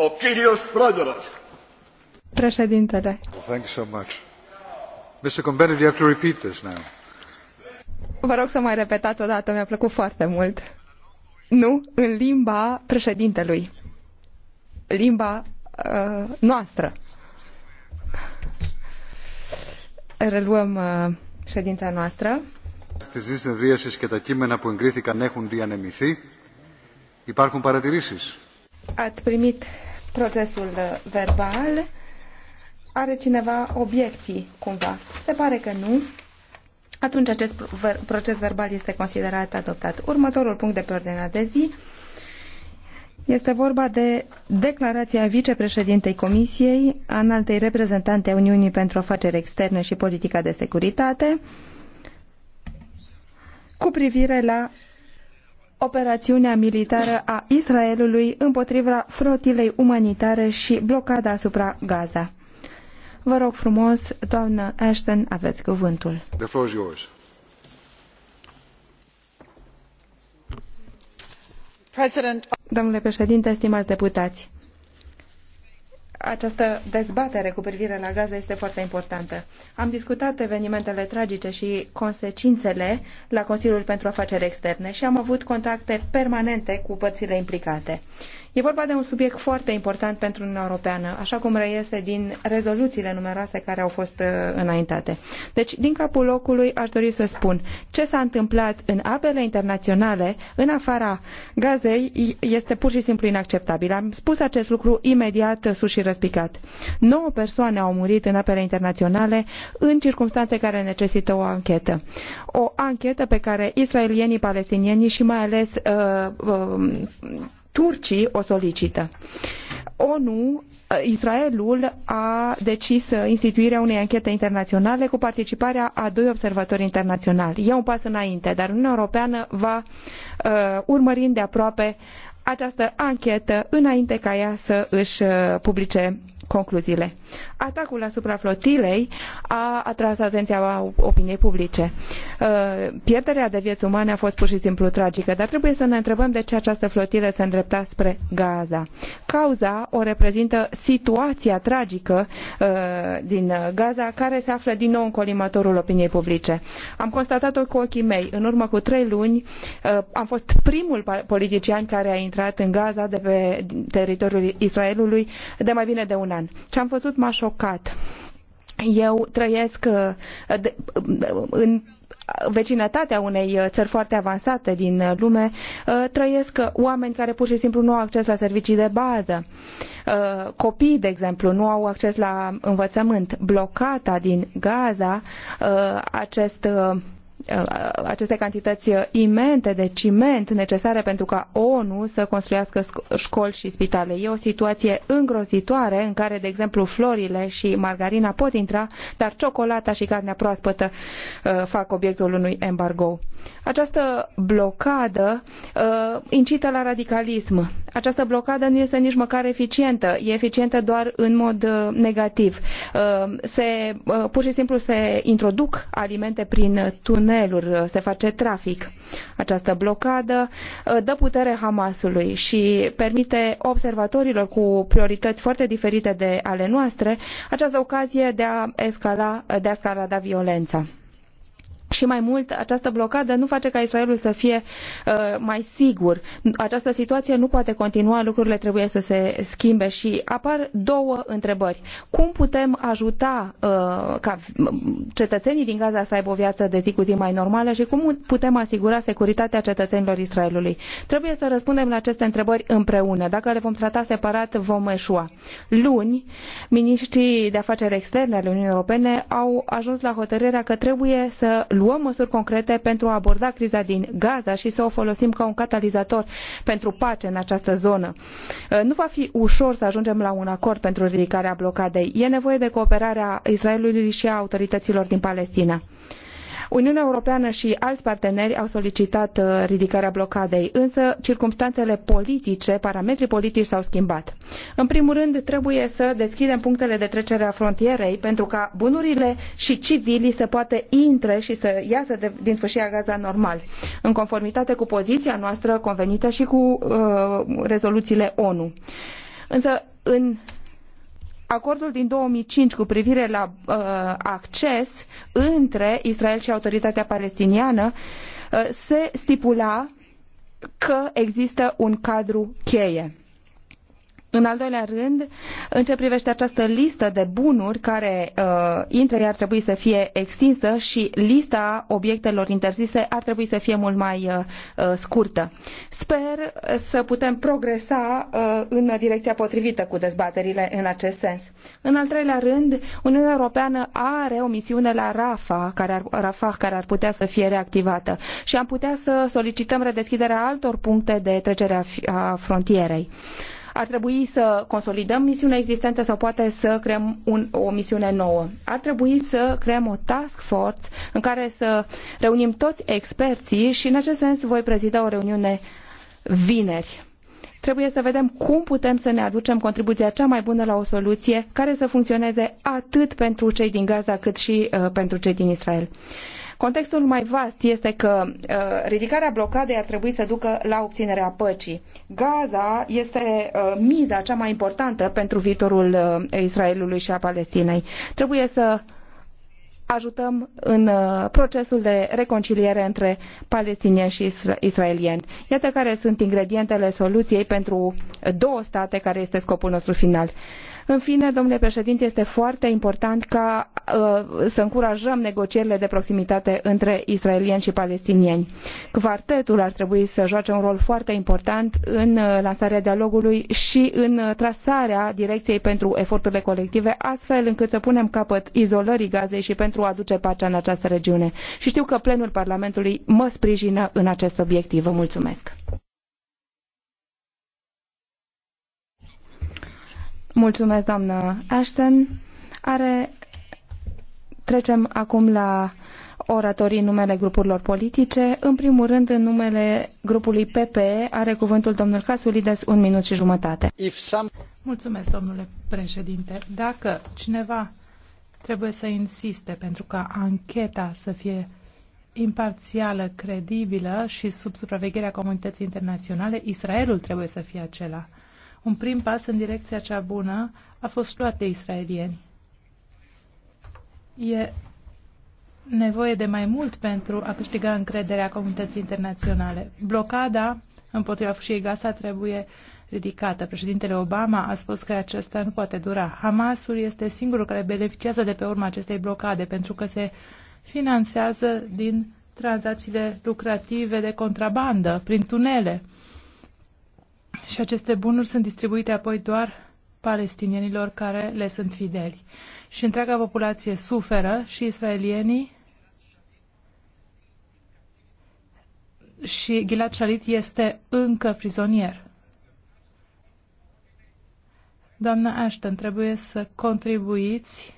O Kyrios Prodoros. Președintele. Well, thank you so much. Mr. Combenet, you have to repeat this now. Vă rog să mai repetați o dată, mi-a plăcut foarte mult. Nu, în limba președintelui. Limba uh, noastră. Reluăm uh, ședința noastră. Στις δύο συνεδρίασεις και τα κείμενα που εγκρίθηκαν έχουν διανεμηθεί. Υπάρχουν παρατηρήσεις. Ați primit procesul uh, verbal. Are cineva obiecții cumva? Se pare că nu. Atunci acest proces verbal este considerat adoptat. Următorul punct de pe ordinea de zi este vorba de declarația vicepreședintei Comisiei, înaltei reprezentante a Uniunii pentru Afaceri Externe și Politica de Securitate, cu privire la operațiunea militară a Israelului împotriva flotilei umanitare și blocada asupra Gaza. Vă rog frumos, doamnă Ashton, aveți cuvântul. The floor is yours. Domnule președinte, stimați deputați, această dezbatere cu privire la Gaza este foarte importantă. Am discutat evenimentele tragice și consecințele la Consiliul pentru Afaceri Externe și am avut contacte permanente cu părțile implicate. E vorba de un subiect foarte important pentru Uniunea Europeană, așa cum reiese din rezoluțiile numeroase care au fost uh, înaintate. Deci, din capul locului, aș dori să spun ce s-a întâmplat în apele internaționale, în afara gazei, este pur și simplu inacceptabil. Am spus acest lucru imediat uh, sus și răspicat. 9 persoane au murit în apele internaționale în circunstanțe care necesită o anchetă. O anchetă pe care israelienii, palestinienii și mai ales uh, uh, turcii o solicită. ONU, eh, Israelul a decis eh, instituirea unei anchete internaționale cu participarea a doi observatori internaționali. E un pas înainte, dar Uniunea Europeană va uh, urmări aproape această anchetă înainte ca ea să își publice concluziile. Atacul asupra flotilei a atras atenția opiniei publice. Uh, pierderea de vieți umane a fost pur și simplu tragică, dar trebuie să ne întrebăm de ce această flotilă se îndrepta spre Gaza. Cauza o reprezintă situația tragică uh, din Gaza, care se află din nou în colimatorul opiniei publice. Am constatat-o cu ochii mei. În urmă cu trei luni uh, am fost primul politician care a intrat în Gaza de pe teritoriul Israelului de mai bine de un an european. Ce am văzut m-a șocat. Eu trăiesc uh, uh, în vecinătatea unei uh, țări foarte avansate din lume, trăiesc oameni care pur și simplu nu au acces la servicii de bază. Copii, de exemplu, nu au acces la învățământ. Blocata din Gaza, acest Uh, aceste cantități uh, imente de ciment necesare pentru ca ONU să construiască școli și spitale. E o situație îngrozitoare în care, de exemplu, florile și margarina pot intra, dar ciocolata și carnea proaspătă uh, fac obiectul unui embargo. Această blocadă incită la radicalism. Această blocadă nu este nici măcar eficientă. E eficientă doar în mod negativ. Se, pur și simplu se introduc alimente prin tun tuneluri, se face trafic. Această blocadă uh, dă putere Hamasului și permite observatorilor cu priorități foarte diferite de ale noastre această ocazie de a escala, de a escalada violența și mai mult, această blocadă nu face ca Israelul să fie uh, mai sigur. Această situație nu poate continua, lucrurile trebuie să se schimbe și apar două întrebări. Cum putem ajuta uh, ca cetățenii din Gaza să aibă o viață de zi cu zi mai normală și cum putem asigura securitatea cetățenilor Israelului? Trebuie să răspundem la aceste întrebări împreună. Dacă le vom trata separat, vom eșua. Luni, ministrii de afaceri externe ale Uniunii Europene au ajuns la hotărârea că trebuie să luăm luăm măsuri concrete pentru a aborda criza din Gaza și să o folosim ca un catalizator pentru pace în această zonă. Uh, nu va fi ușor să ajungem la un acord pentru ridicarea blocadei. E nevoie de cooperarea Israelului și a autorităților din Palestina. Uniunea Europeană și alți parteneri au solicitat uh, ridicarea blocadei, însă circumstanțele politice, parametrii politici s-au schimbat. În primul rând, trebuie să deschidem punctele de trecere a frontierei pentru ca bunurile și civilii să poată intre și să iasă de, din fâșia Gaza normal, în conformitate cu poziția noastră convenită și cu uh, rezoluțiile ONU. Însă, în acordul din 2005 cu privire la uh, acces între Israel și autoritatea palestiniană uh, se stipula că există un cadru cheie. În al doilea rând, în ce privește această listă de bunuri care uh, intră, ar trebui să fie extinsă și lista obiectelor interzise ar trebui să fie mult mai uh, uh scurtă. Sper uh, să putem progresa uh, în direcția potrivită cu dezbaterile în acest sens. În al treilea rând, Uniunea Europeană are o misiune la RAFA care ar, RAFA, care ar putea să fie reactivată și am putea să solicităm redeschiderea altor puncte de trecere a, a frontierei. Uh, ar trebui să consolidăm misiunea existentă sau poate să creăm un, o misiune nouă. Ar trebui să creăm o task force în care să reunim toți experții și în acest sens voi prezida o reuniune vineri. Trebuie să vedem cum putem să ne aducem contribuția cea mai bună la o soluție care să funcționeze atât pentru cei din Gaza cât și uh, pentru cei din Israel. Uh, Contextul mai vast este că uh, ridicarea blocadei ar trebui să ducă la obținerea păcii. Gaza este uh, miza cea mai importantă pentru viitorul uh, Israelului și a Palestinei. Trebuie să ajutăm în uh, procesul de reconciliere între palestinieni și israelieni. Iată care sunt ingredientele soluției pentru două state care este scopul nostru final. În fine, domnule președinte, este foarte important ca uh, să încurajăm negocierile de proximitate între israelieni și palestinieni. Quartetul ar trebui să joace un rol foarte important în uh, lansarea dialogului și în uh, trasarea direcției pentru eforturile colective, astfel încât să punem capăt izolării Gazei și pentru a aduce pacea în această regiune. Și știu că plenul Parlamentului mă sprijină în acest obiectiv. Vă mulțumesc! Mulțumesc, doamnă Ashton. Are... Trecem acum la oratorii în numele grupurilor politice. În primul rând, în numele grupului PPE, are cuvântul domnul Casulides, un minut și jumătate. Some... Mulțumesc, domnule președinte. Dacă cineva trebuie să insiste pentru ca ancheta să fie imparțială, credibilă și sub supravegherea comunității internaționale, Israelul trebuie să fie acela. Un prim pas în direcția cea bună a fost luat de israelieni. E nevoie de mai mult pentru a câștiga încrederea comunității internaționale. Blocada împotriva fâșiei Gaza trebuie ridicată. Președintele Obama a spus că acesta nu poate dura. Hamasul este singurul care beneficiază de pe urma acestei blocade pentru că se finanțează din tranzacțiile lucrative de contrabandă prin tunele și aceste bunuri sunt distribuite apoi doar palestinienilor care le sunt fideli. Și întreaga populație suferă și israelienii și Gilad Shalit este încă prizonier. Doamna Ashton, trebuie să contribuiți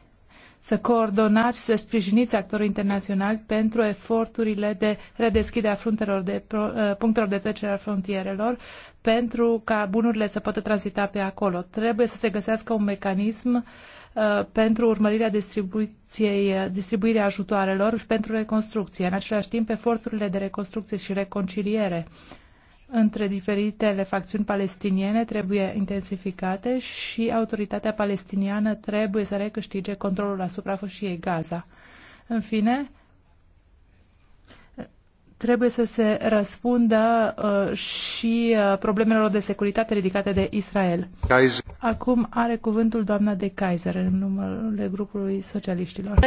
să coordonați, să sprijiniți actorii internaționali pentru eforturile de redeschidere a frontelor de, uh, punctelor de trecere a frontierelor, pentru ca bunurile să poată tranzita pe acolo. Trebuie să se găsească un mecanism uh, pentru urmărirea distribuției, uh, distribuirea ajutoarelor și pentru reconstrucție. În același timp, eforturile de reconstrucție și reconciliere între diferitele facțiuni palestiniene trebuie intensificate și autoritatea palestiniană trebuie să recâștige controlul asupra fâșiei Gaza. În fine, trebuie să se răspundă uh, și uh, problemelor de securitate ridicate de Israel. Kaiser. Acum are cuvântul doamna de Kaiser în numele grupului socialiștilor.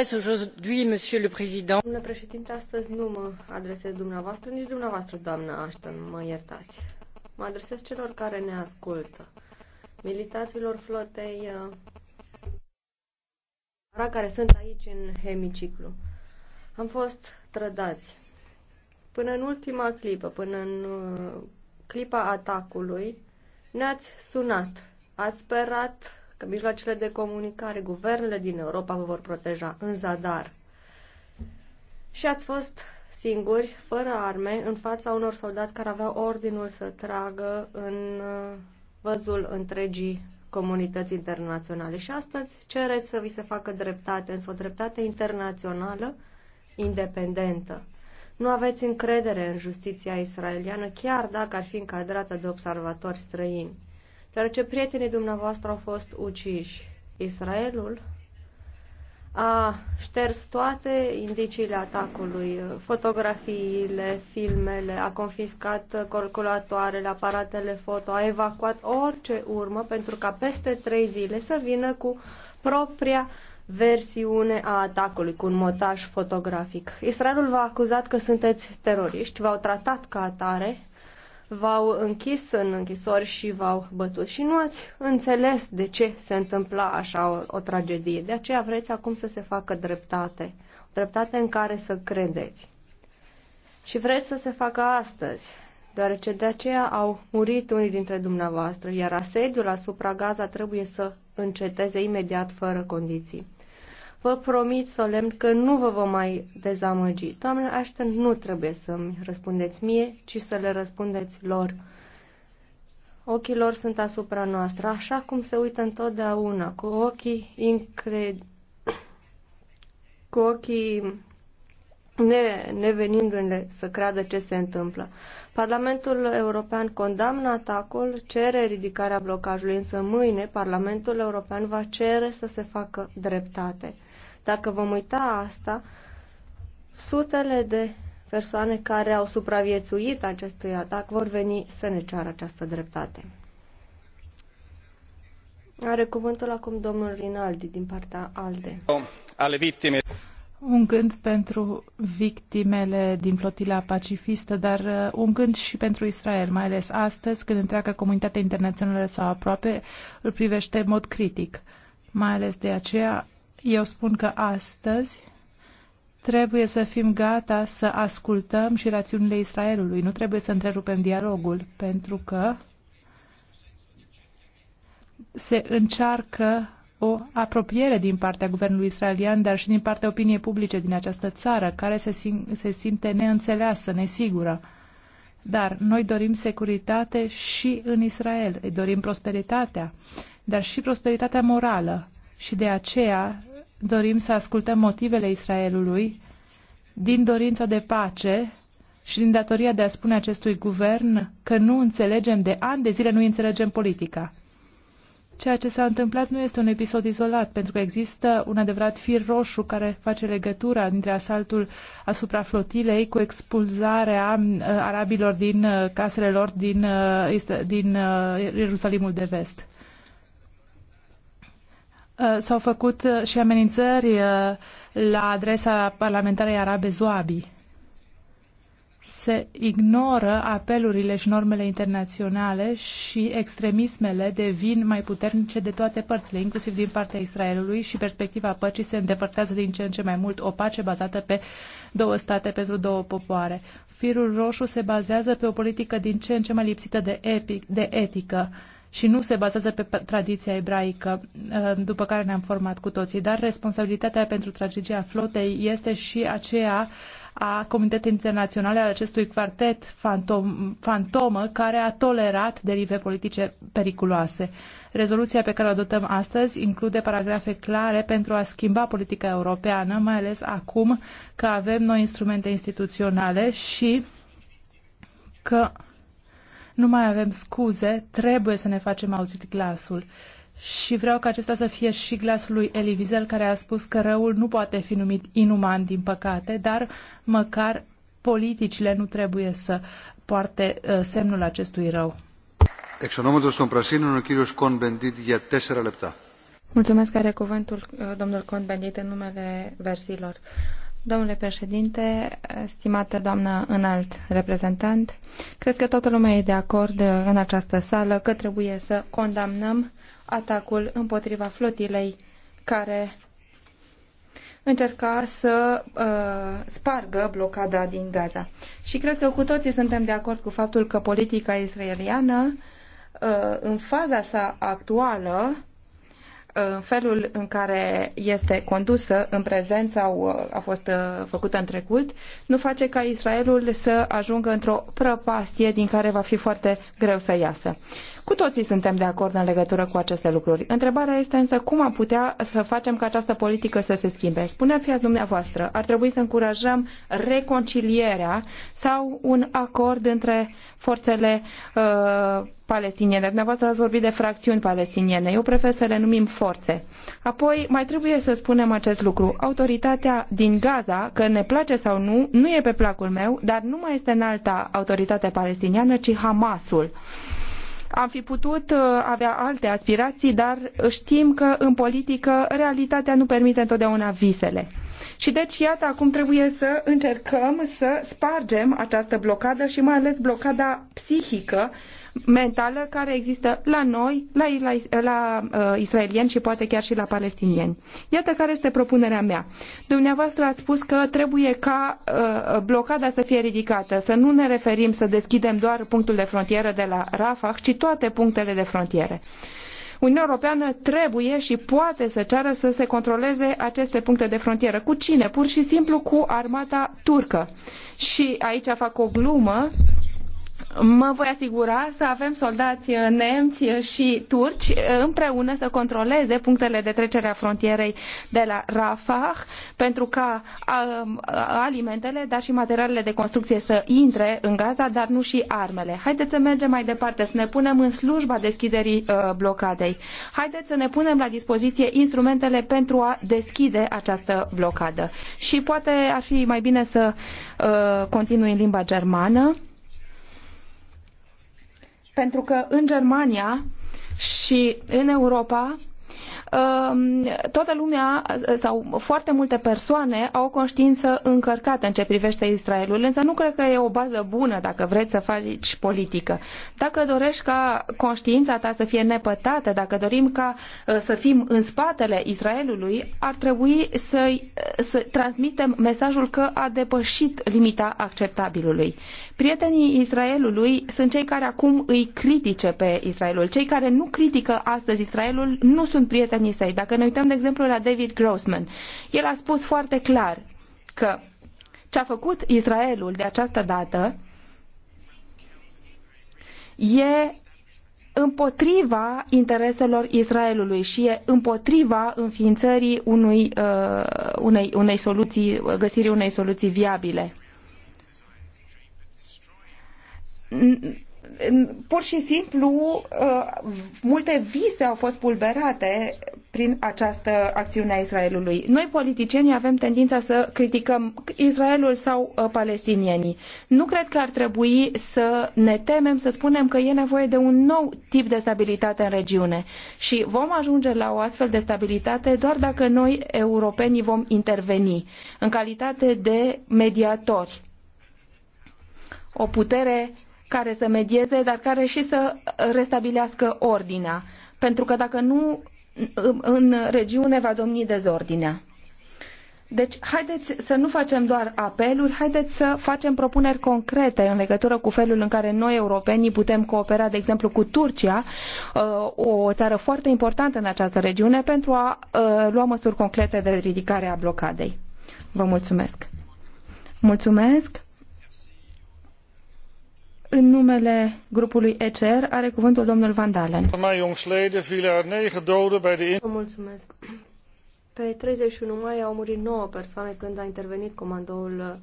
Domnule președinte, astăzi nu mă adresez dumneavoastră, nici dumneavoastră, doamna Ashton, mă iertați. Mă adresez celor care ne ascultă, militaților flotei uh, care sunt aici în hemiciclu. Am fost trădați Până în ultima clipă, până în uh, clipa atacului, ne-ați sunat. Ați sperat că mijloacele de comunicare, guvernele din Europa vă vor proteja în zadar. Și ați fost singuri, fără arme, în fața unor soldați care aveau ordinul să tragă în uh, văzul întregii comunități internaționale. Și astăzi cereți să vi se facă dreptate, însă o dreptate internațională independentă. Nu aveți încredere în justiția israeliană, chiar dacă ar fi încadrată de observatori străini. ce prietenii dumneavoastră au fost uciși. Israelul a șters toate indiciile atacului, fotografiile, filmele, a confiscat calculatoarele, aparatele foto, a evacuat orice urmă pentru ca peste trei zile să vină cu propria uh, versiune a atacului cu un motaj fotografic. Israelul v-a acuzat că sunteți teroriști, v-au tratat ca atare, v-au închis în închisori și v-au bătut și nu ați înțeles de ce se întâmpla așa o, o tragedie. De aceea vreți acum să se facă dreptate, o dreptate în care să credeți. Și vreți să se facă astăzi, deoarece de aceea au murit unii dintre dumneavoastră, iar asediul asupra Gaza trebuie să înceteze imediat fără condiții. Vă promit solemn că nu vă vom mai dezamăgi. Doamne Ashton, nu trebuie să-mi răspundeți mie, ci să le răspundeți lor. Ochii lor sunt asupra noastră, așa cum se uită întotdeauna, cu ochii incred... cu ochii ne, nevenindu-le să creadă ce se întâmplă. Parlamentul European condamnă atacul, cere ridicarea blocajului, însă mâine Parlamentul European va cere să se facă dreptate. Dacă vom uita asta, sutele de persoane care au supraviețuit acestui atac vor veni să ne ceară această dreptate. Are cuvântul acum domnul Rinaldi din partea ALDE. Ale victime. Un gând pentru victimele din flotila pacifistă, dar uh, un gând și pentru Israel, mai ales astăzi, când întreaga comunitate internațională sau aproape îl privește în mod critic. Mai ales de aceea eu spun că astăzi trebuie să fim gata să ascultăm și rațiunile Israelului. Nu trebuie să întrerupem dialogul, pentru că se încearcă o apropiere din partea guvernului israelian, dar și din partea opiniei publice din această țară, care se, sim- se simte neînțeleasă, nesigură. Dar noi dorim securitate și în Israel, dorim prosperitatea, dar și prosperitatea morală. Și de aceea dorim să ascultăm motivele Israelului din dorința de pace și din datoria de a spune acestui guvern că nu înțelegem de ani de zile, nu înțelegem politica. Ceea ce s-a întâmplat nu este un episod izolat, pentru că există un adevărat fir roșu care face legătura dintre asaltul asupra flotilei cu expulzarea uh, arabilor din uh, casele lor din, uh, din Ierusalimul de vest. Uh, s-au făcut uh, și amenințări uh, la adresa parlamentarei arabe Zoabi. Se ignoră apelurile și normele internaționale și extremismele devin mai puternice de toate părțile, inclusiv din partea Israelului și perspectiva păcii se îndepărtează din ce în ce mai mult o pace bazată pe două state pentru două popoare. Firul roșu se bazează pe o politică din ce în ce mai lipsită de, epic, de etică și nu se bazează pe tradiția ebraică uh, după care ne-am format cu toții. Dar responsabilitatea pentru tragedia flotei este și aceea a comunității internaționale al acestui quartet fantom, fantomă care a tolerat derive politice periculoase. Rezoluția pe care o adoptăm astăzi include paragrafe clare pentru a schimba politica europeană, mai ales acum că avem noi instrumente instituționale și că nu mai avem scuze, trebuie să ne facem auzit glasul. Și vreau ca acesta să fie și glasul lui Eli Wiesel, care a spus că răul nu poate fi numit inuman, din păcate, dar măcar politicile nu trebuie să poarte uh, semnul acestui rău. Exonomatul των Prasin, ο chirius con bendit, ia tesera lepta. Mulțumesc, are cuvântul uh, domnul con Bendit în numele versilor. Domnule președinte, stimată doamnă înalt reprezentant, cred că toată lumea e de acord în această sală că trebuie să condamnăm atacul împotriva flotilei care încerca să uh, spargă blocada din Gaza. Și cred că cu toții suntem de acord cu faptul că politica israeliană uh, în faza sa actuală felul în care este condusă în prezent sau uh, a fost uh, făcută în trecut, nu face ca Israelul să ajungă într-o prăpastie din care va fi foarte greu să iasă. Cu toții suntem de acord în legătură cu aceste lucruri. Întrebarea este însă cum am putea să facem ca această politică să se schimbe. Spuneați că dumneavoastră ar trebui să încurajăm reconcilierea sau un acord între forțele uh, palestiniene. Dumneavoastră ați vorbit de fracțiuni palestiniene. Eu prefer să le numim forțe. Apoi, mai trebuie să spunem acest lucru. Autoritatea din Gaza, că ne place sau nu, nu e pe placul meu, dar nu mai este în alta autoritate palestiniană, ci Hamasul. Uh, am fi putut uh, avea alte aspirații, dar știm că în politică realitatea nu permite întotdeauna visele. Și deci, iată, acum trebuie să încercăm să spargem această blocadă și mai ales blocada psihică mentală care există la noi, la, la, la uh, israelieni și poate chiar și la palestinieni. Iată care este propunerea mea. Dumneavoastră ați spus că trebuie ca uh, blocada să fie ridicată, să nu ne referim să deschidem doar punctul de frontieră de la Rafah, ci toate punctele de frontiere. Uniunea Europeană trebuie și poate să ceară să se controleze aceste puncte de frontieră. Cu cine? Pur și simplu cu armata turcă. Și aici fac o glumă, mă voi asigura să avem soldați uh, nemți uh, și turci uh, împreună să controleze punctele de trecere a frontierei de la Rafah pentru ca um, alimentele, dar și materialele de construcție să intre în Gaza, dar nu și armele. Haideți să mergem mai departe, să ne punem în slujba deschiderii blocadei. Haideți să ne punem la dispoziție instrumentele pentru a deschide această blocadă. Și poate ar fi mai bine să continui în limba germană pentru că în Germania și în Europa Um, toată lumea sau foarte multe persoane au o conștiință încărcată în ce privește Israelul, însă nu cred că e o bază bună dacă vrei să faci politică. Dacă dorești ca conștiința ta să fie nepătată, dacă dorim ca uh, să fim în spatele Israelului, ar trebui să, uh, să transmitem mesajul că a depășit limita acceptabilului. Prietenii Israelului sunt cei care acum îi critice pe Israelul. Cei care nu critică astăzi Israelul nu sunt prieteni prietenii săi. Dacă ne uităm, de exemplu, la David Grossman, el a spus foarte clar că ce a făcut Israelul de această dată e împotriva intereselor Israelului și e împotriva înființării unui, uh, unei, unei soluții, găsirii unei soluții viabile pur și simplu uh, multe vise au fost pulberate prin această acțiune a Israelului. Noi, politicienii, avem tendința să criticăm Israelul sau uh, palestinienii. Nu cred că ar trebui să ne temem să spunem că e nevoie de un nou tip de stabilitate în regiune. Și vom ajunge la o astfel de stabilitate doar dacă noi, europenii, vom interveni în calitate de mediatori. O putere care să medieze, dar care și să restabilească ordinea. Pentru că dacă nu, în regiune va domni dezordinea. Deci, haideți să nu facem doar apeluri, haideți să facem propuneri concrete în legătură cu felul în care noi, europenii, putem coopera, de exemplu, cu Turcia, uh, o țară foarte importantă în această regiune, pentru a uh, lua măsuri concrete de ridicare a blocadei. Vă mulțumesc! Mulțumesc! În numele grupului ECR are cuvântul domnul Van Dalen. Er Vă mulțumesc. Pe 31 mai au murit 9 persoane când a intervenit comandoul uh,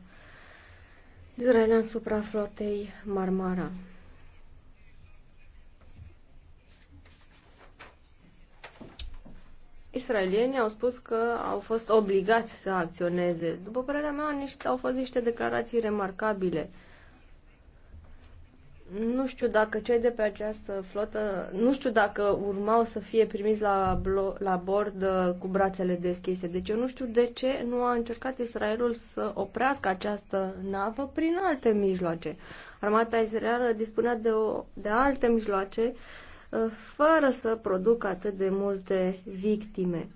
israelian supra flotei Marmara. Israelienii au spus că au fost obligați să acționeze. După părerea mea, niște, au fost niște declarații remarcabile. Nu știu dacă cei de pe această flotă, nu știu dacă urmau să fie primiți la, la bord uh, cu brațele deschise. Deci eu nu știu de ce nu a încercat Israelul să oprească această navă prin alte mijloace. Armata israelă dispunea de, o, de alte mijloace uh, fără să producă atât de multe victime.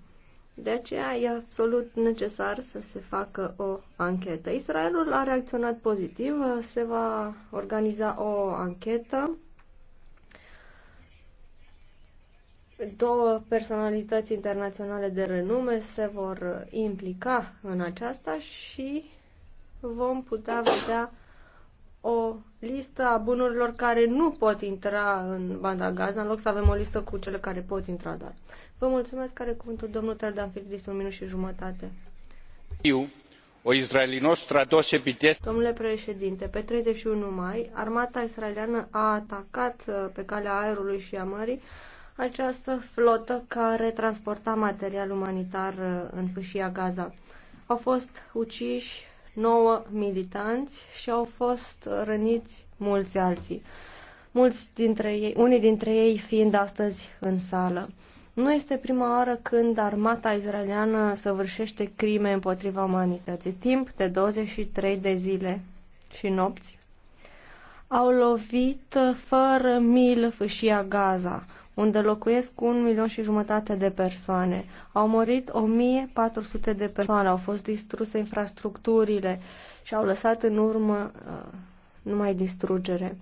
De aceea e absolut necesar să se facă o anchetă. Israelul a reacționat pozitiv, se va organiza o anchetă. Două personalități internaționale de renume se vor implica în aceasta și vom putea vedea o listă a bunurilor care nu pot intra în banda Gaza, în loc să avem o listă cu cele care pot intra doar. Vă mulțumesc, care cuvântul domnul Tardan Filidis, un minut și jumătate. Eu, o israelinos Domnule președinte, pe 31 mai, armata israeliană a atacat uh, pe calea aerului și a mării această flotă care transporta material umanitar uh, în fâșia Gaza. Au fost uciși 9 militanți și au fost răniți mulți alții. Mulți dintre ei, unii dintre ei fiind astăzi în sală. Nu este prima oară când armata izraeliană săvârșește crime împotriva umanității. Timp de 23 de zile și nopți au lovit fără milă fâșia Gaza, unde locuiesc cu un milion și jumătate de persoane. Au murit 1400 de persoane, au fost distruse infrastructurile și au lăsat în urmă uh, numai distrugere.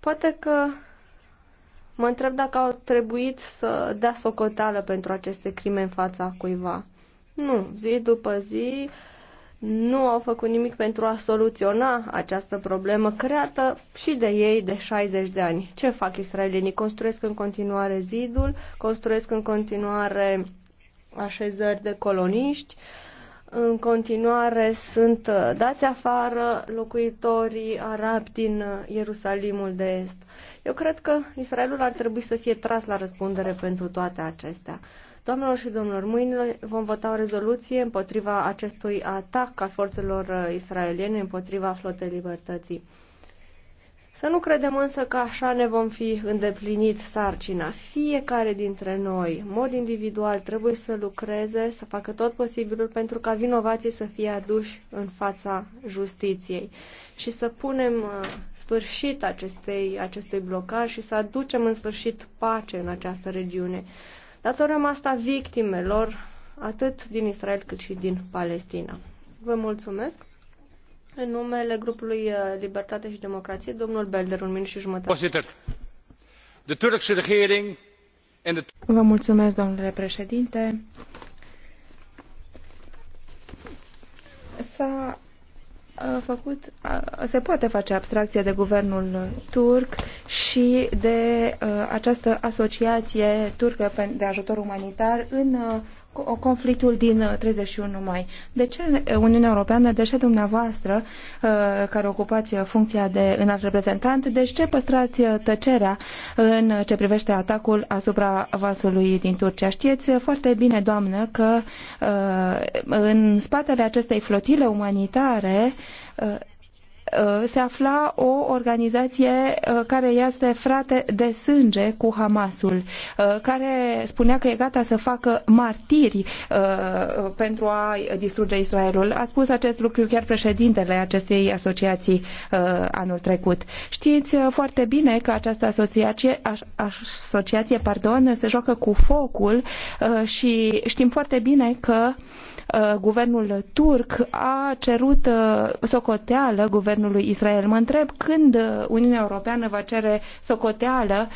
Poate că mă întreb dacă au trebuit să dea socoteală pentru aceste crime în fața cuiva. Nu, zi după zi, uh, nu au făcut nimic pentru a soluționa această problemă creată și de ei de 60 de ani. Ce fac israelienii? Construiesc în continuare zidul, construiesc în continuare așezări de coloniști, în continuare sunt uh, dați afară locuitorii arabi din uh, Ierusalimul de Est. Eu cred că Israelul ar trebui să fie tras la răspundere pentru toate acestea. Doamnelor și domnilor, mâine vom vota o rezoluție împotriva acestui atac a forțelor uh, israeliene împotriva flotei libertății. Să nu credem însă că așa ne vom fi îndeplinit sarcina. Fiecare dintre noi, în mod individual, trebuie să lucreze, să facă tot posibilul pentru ca vinovații să fie aduși în fața justiției și să punem uh, sfârșit acestei, acestui blocaj și să aducem în sfârșit pace în această regiune. Datorăm asta victimelor atât din Israel cât și din Palestina. Vă mulțumesc. În numele grupului uh, Libertate și Democrație, domnul Belder, un minut și jumătate. Vă mulțumesc, domnule președinte. S-a făcut, se poate face abstracție de guvernul turc și de această asociație turcă de ajutor umanitar în conflictul din 31 uh, mai. De ce Uniunea Europeană, de ce dumneavoastră, uh, care ocupați uh, funcția de înalt reprezentant, de ce păstrați tăcerea în ce privește atacul asupra vasului din Turcia? Știți foarte bine, doamnă, că în spatele acestei flotile umanitare Uh, se afla o organizație uh, care este frate de sânge cu Hamasul, uh, care spunea că e gata să facă martiri pentru a distruge Israelul. A spus acest lucru chiar președintele acestei asociații anul trecut. Știți foarte bine că această asociație, asociație pardon, se joacă cu focul și știm foarte bine că Uh, guvernul turc a cerut uh, socoteală guvernului Israel. Mă întreb când uh, Uniunea Europeană va cere socoteală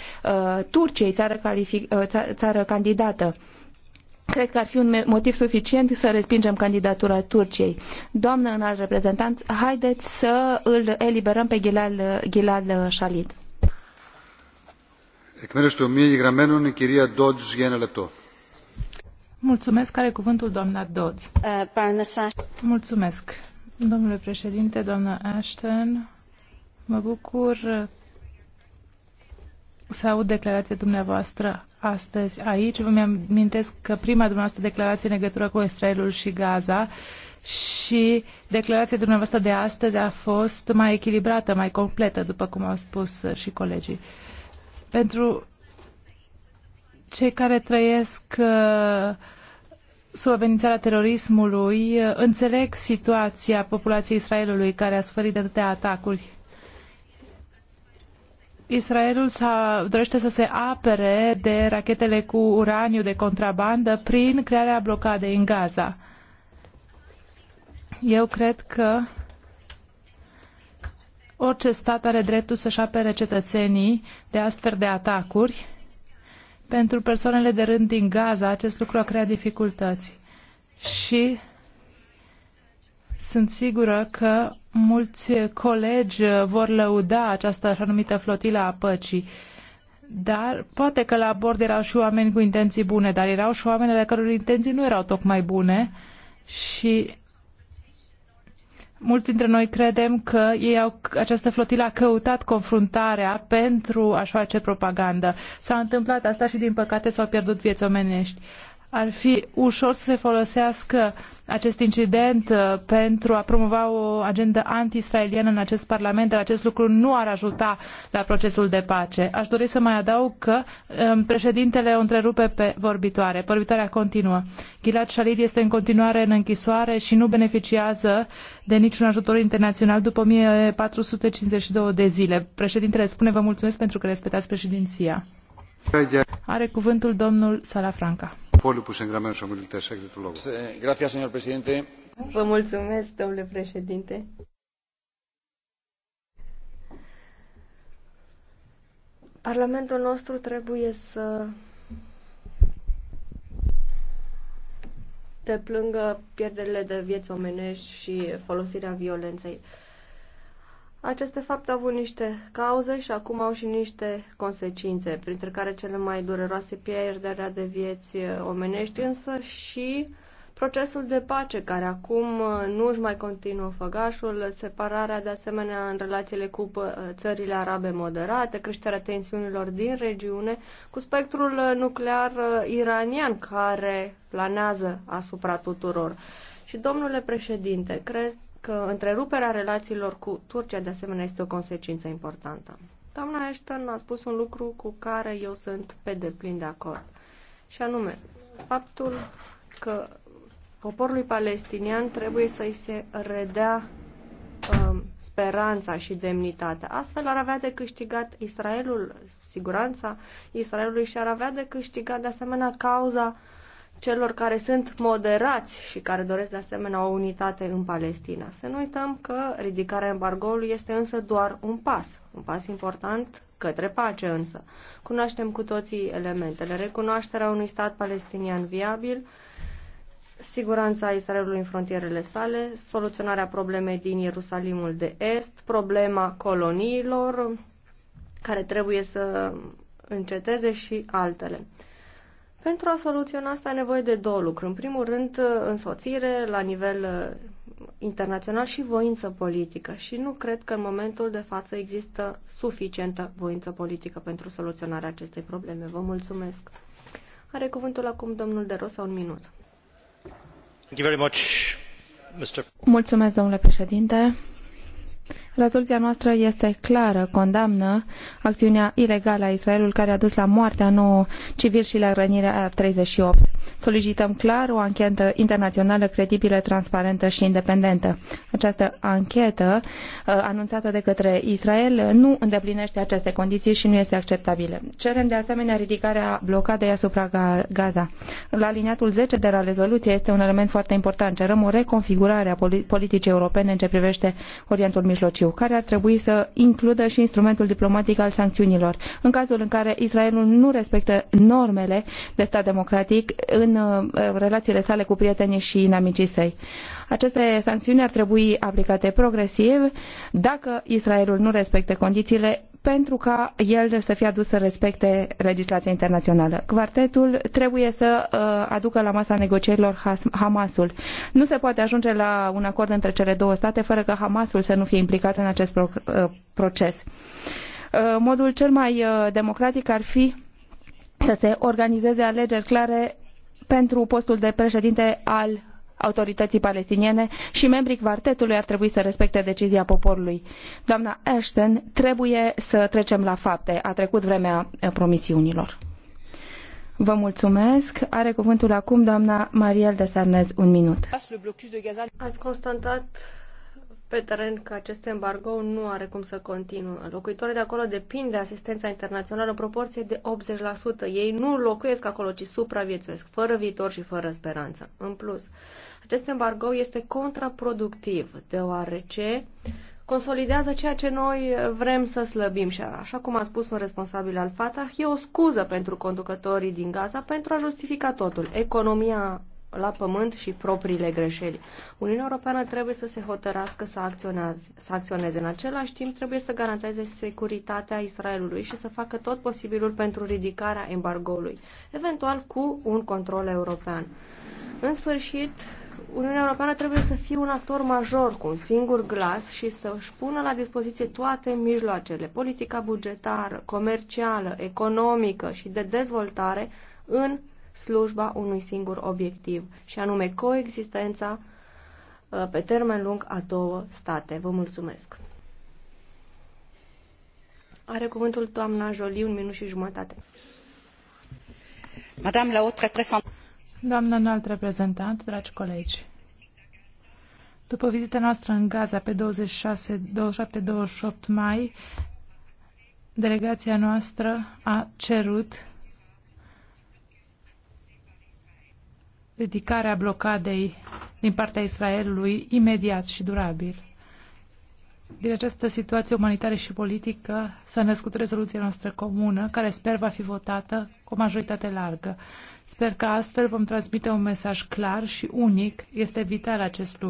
Turciei, țară, calific- țară candidată. Cred că ar fi un motiv suficient să respingem candidatura Turciei. Doamnă înalt reprezentant, haideți să îl eliberăm pe Gilal, Gilal Shalit. Εκ μέρους του μη εγγραμμένων, η κυρία Ντότζ για ένα λεπτό. Mulțumesc. Are cuvântul doamna Dodds. Uh, Mulțumesc. Domnule președinte, doamna Ashton, mă bucur să aud declarația dumneavoastră astăzi aici. Vă mi-amintesc că prima dumneavoastră declarație în legătură cu Israelul și Gaza și declarația dumneavoastră de astăzi a fost mai echilibrată, mai completă, după cum au spus și colegii. Pentru cei care trăiesc uh, sub amenințarea terorismului uh, înțeleg situația populației Israelului care a suferit de atâtea atacuri. Israelul s-a, dorește să se apere de rachetele cu uraniu de contrabandă prin crearea blocadei în Gaza. Eu cred că orice stat are dreptul să-și apere cetățenii de astfel de atacuri pentru persoanele de rând din Gaza, acest lucru a creat dificultăți. Și sunt sigură că mulți colegi vor lăuda această așa numită flotilă a păcii. Dar poate că la bord erau și oameni cu intenții bune, dar erau și oameni ale căror intenții nu erau tocmai bune și Mulți dintre noi credem că ei au, această flotilă a căutat confruntarea pentru a-și face propagandă. S-a întâmplat asta și, din păcate, s-au pierdut vieți omenești. Ar fi ușor să se folosească acest incident uh, pentru a promova o agendă anti-israeliană în acest Parlament, dar acest lucru nu ar ajuta la procesul de pace. Aș dori să mai adaug că um, președintele o întrerupe pe vorbitoare. Vorbitoarea continuă. Gilad Shalit este în continuare în închisoare și nu beneficiază de niciun ajutor internațional după 1452 de zile. Președintele spune vă mulțumesc pentru că respectați președinția. Are cuvântul domnul Salafranca. Vă mulțumesc, președinte. Parlamentul nostru trebuie să deplângă pierderile de vieți omenești și folosirea violenței. Aceste fapte au avut niște cauze și acum au și niște consecințe, printre care cele mai dureroase pierderea de vieți uh, omenești, însă și procesul de pace, care acum uh, nu își mai continuă făgașul, separarea de asemenea în relațiile cu uh, țările arabe moderate, creșterea tensiunilor din regiune, cu spectrul nuclear iranian care planează asupra tuturor. Și, domnule președinte, crezi că întreruperea relațiilor cu Turcia de asemenea este o consecință importantă. Doamna Ashton a spus un lucru cu care eu sunt pe deplin de acord, și anume faptul că poporului palestinian trebuie să-i se redea um, speranța și demnitatea. Astfel ar avea de câștigat Israelul, siguranța Israelului și ar avea de câștigat de asemenea cauza uh, celor care sunt moderați și care doresc de asemenea o unitate în Palestina. Să nu uităm că ridicarea embargoului este însă doar un pas, un pas important către pace însă. Cunoaștem cu toții elementele. Recunoașterea unui stat palestinian viabil, siguranța Israelului în frontierele sale, soluționarea problemei din Ierusalimul de Est, problema coloniilor care trebuie să înceteze și altele. Pentru a soluționa asta ai nevoie de două lucruri. În primul rând, însoțire la nivel uh, internațional și voință politică. Și nu cred că în momentul de față există suficientă voință politică pentru soluționarea acestei probleme. Vă mulțumesc. Are cuvântul acum domnul De Rosa, un minut. Mulțumesc, domnule președinte. Rezoluția noastră este clară, condamnă acțiunea ilegală a Israelului care a dus la moartea nouă civili și la rănirea a 38 Solicităm clar o anchetă internațională credibilă, transparentă și independentă. Această anchetă uh, anunțată de către Israel nu îndeplinește aceste condiții și nu este acceptabilă. Cerem de asemenea ridicarea blocadei asupra Gaza. La aliniatul 10 de la rezoluție este un element foarte important. Cerem o reconfigurare a politicii europene în ce privește Orientul Mijlociu, care ar trebui să includă și instrumentul diplomatic al sancțiunilor. În cazul în care Israelul nu respectă normele de stat democratic, în uh, relațiile sale cu prietenii și inamicii săi. Aceste sancțiuni ar trebui aplicate progresiv dacă Israelul nu respecte condițiile pentru ca el să fie adus să respecte legislația internațională. Quartetul trebuie să uh, aducă la masa negocierilor Hamasul. Nu se poate ajunge la un acord între cele două state fără ca Hamasul să nu fie implicat în acest uh, proces. modul cel mai democratic ar fi să se organizeze alegeri clare pentru postul de președinte al autorității palestiniene și membrii quartetului ar trebui să respecte decizia poporului. Doamna Ashton, trebuie să trecem la fapte. A trecut vremea promisiunilor. Vă mulțumesc. Are cuvântul acum doamna Mariel de Sarnez. Un minut. Ați constatat pe teren că acest embargo nu are cum să continue. Locuitorii de acolo depind de asistența internațională în proporție de 80%. Ei nu locuiesc acolo, ci supraviețuiesc, fără viitor și fără speranță. În plus, acest embargo este contraproductiv, deoarece consolidează ceea ce noi vrem să slăbim și așa cum a spus un responsabil al Fatah, e o scuză pentru conducătorii din Gaza pentru a justifica totul. Economia la pământ și propriile greșeli. Uniunea Europeană trebuie să se hotărască să, să acționeze. În același timp, trebuie să garanteze securitatea Israelului și să facă tot posibilul pentru ridicarea embargoului, eventual cu un control european. În sfârșit, Uniunea Europeană trebuie să fie un actor major cu un singur glas și să își pună la dispoziție toate mijloacele, politica bugetară, comercială, economică și de dezvoltare în slujba unui singur obiectiv, și anume coexistența uh, pe termen lung a două state. Vă mulțumesc! Are cuvântul doamna Jolie, un minut și jumătate. Madame la haute reprezentant. Doamna înalt reprezentant, dragi colegi, după vizita noastră în Gaza pe 26-27-28 mai, delegația noastră a cerut ridicarea blocadei din partea Israelului imediat și durabil. Din această situație umanitară și politică s-a născut rezoluția noastră comună, care sper va fi votată cu o majoritate largă. Sper că astfel vom transmite un mesaj clar și unic. Este vital acest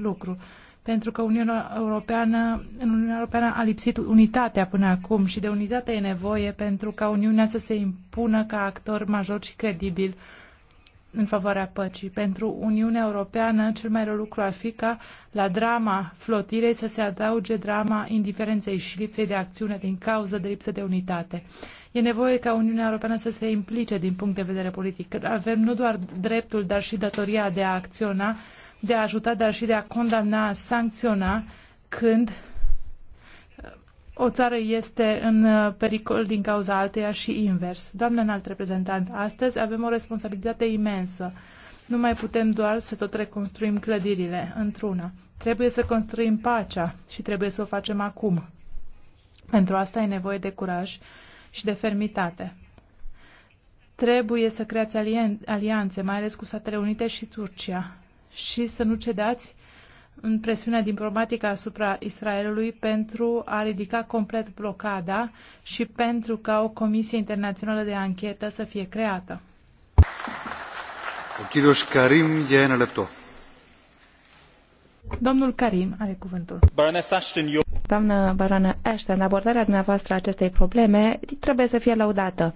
lucru, pentru că Uniunea Europeană, în Uniunea Europeană a lipsit unitatea până acum și de unitate e nevoie pentru ca Uniunea să se impună ca actor major și credibil în favoarea păcii. Pentru Uniunea Europeană, cel mai rău lucru ar fi ca la drama flotirei să se adauge drama indiferenței și lipsei de acțiune din cauza de lipsă de unitate. E nevoie ca Uniunea Europeană să se implice din punct de vedere politic. Avem nu doar dreptul, dar și datoria de a acționa, de a ajuta, dar și de a condamna, sancționa când o țară este în uh, pericol din cauza alteia și invers. Doamnă înalt reprezentant, astăzi avem o responsabilitate imensă. Nu mai putem doar să tot reconstruim clădirile într-una. Trebuie să construim pacea și trebuie să o facem acum. Pentru asta e nevoie de curaj și de fermitate. Trebuie să creați alianțe, mai ales cu Statele Unite și Turcia, și să nu cedați în presiunea diplomatică asupra Israelului pentru a ridica complet blocada și pentru ca o comisie internațională de anchetă să fie creată. Karim, Domnul Karim are cuvântul. Doamnă Barana Ashton, abordarea dumneavoastră a acestei probleme trebuie să fie laudată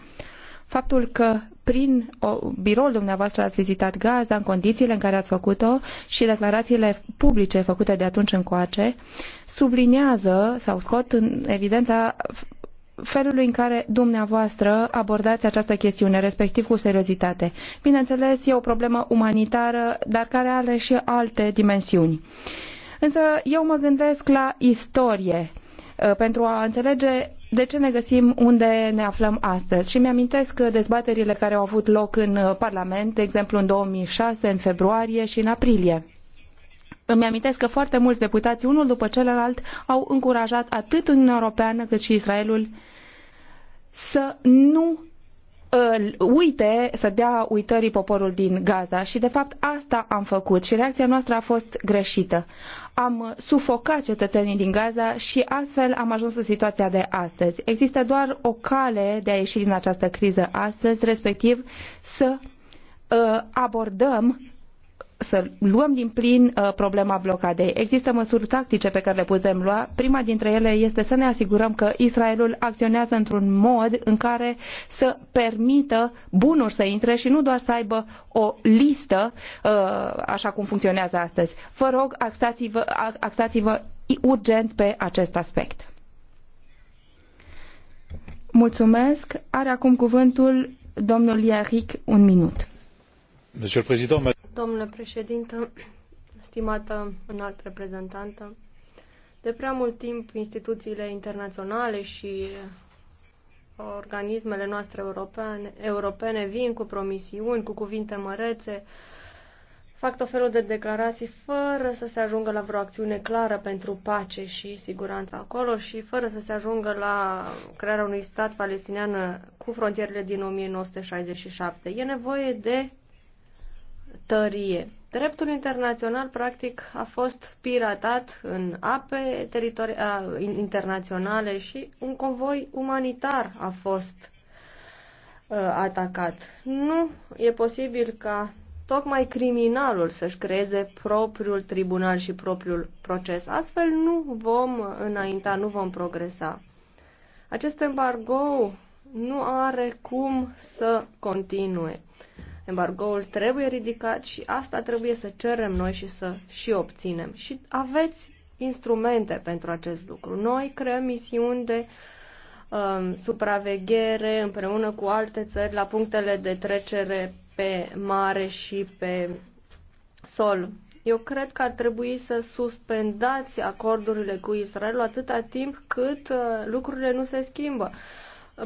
faptul că prin o, biroul dumneavoastră ați vizitat Gaza în condițiile în care ați făcut-o și declarațiile publice făcute de atunci încoace subliniază sau scot în evidența felului în care dumneavoastră abordați această chestiune, respectiv cu seriozitate. Bineînțeles, e o problemă umanitară, dar care are și alte dimensiuni. Însă eu mă gândesc la istorie pentru a înțelege de ce ne găsim unde ne aflăm astăzi. Și mi-amintesc dezbaterile care au avut loc în uh, Parlament, de exemplu în 2006, în februarie și în aprilie. Îmi amintesc că foarte mulți deputați, unul după celălalt, au încurajat atât Uniunea Europeană cât și Israelul să nu uh, uite, să dea uitării poporul din Gaza și de fapt asta am făcut și reacția noastră a fost greșită am sufocat cetățenii din Gaza și astfel am ajuns în situația de astăzi. Există doar o cale de a ieși din această criză astăzi, respectiv să uh, abordăm să luăm din plin uh, problema blocadei. Există măsuri tactice pe care le putem lua. Prima dintre ele este să ne asigurăm că Israelul acționează într-un mod în care să permită bunuri să intre și nu doar să aibă o listă uh, așa cum funcționează astăzi. Vă rog, axați-vă, axați-vă urgent pe acest aspect. Mulțumesc. Are acum cuvântul domnul Iaric, un minut. Monsieur le Président, Domnule președinte, stimată înalt reprezentantă, de prea mult timp instituțiile internaționale și uh, organismele noastre europene, europene vin cu promisiuni, cu cuvinte mărețe, fac tot felul de declarații fără să se ajungă la vreo acțiune clară pentru pace și siguranță acolo și fără să se ajungă la crearea unui stat palestinian cu frontierele din 1967. E nevoie de tărie. Dreptul internațional, practic, a fost piratat în ape teritori- internaționale și un convoi umanitar a fost uh, atacat. Nu e posibil ca tocmai criminalul să-și creeze propriul tribunal și propriul proces. Astfel nu vom înainta, nu vom progresa. Acest embargo nu are cum să continue. Embargoul trebuie ridicat și asta trebuie să cerem noi și să și obținem. Și aveți instrumente pentru acest lucru. Noi creăm misiuni de um, supraveghere împreună cu alte țări la punctele de trecere pe mare și pe sol. Eu cred că ar trebui să suspendați acordurile cu Israelul atâta timp cât uh, lucrurile nu se schimbă. Uh,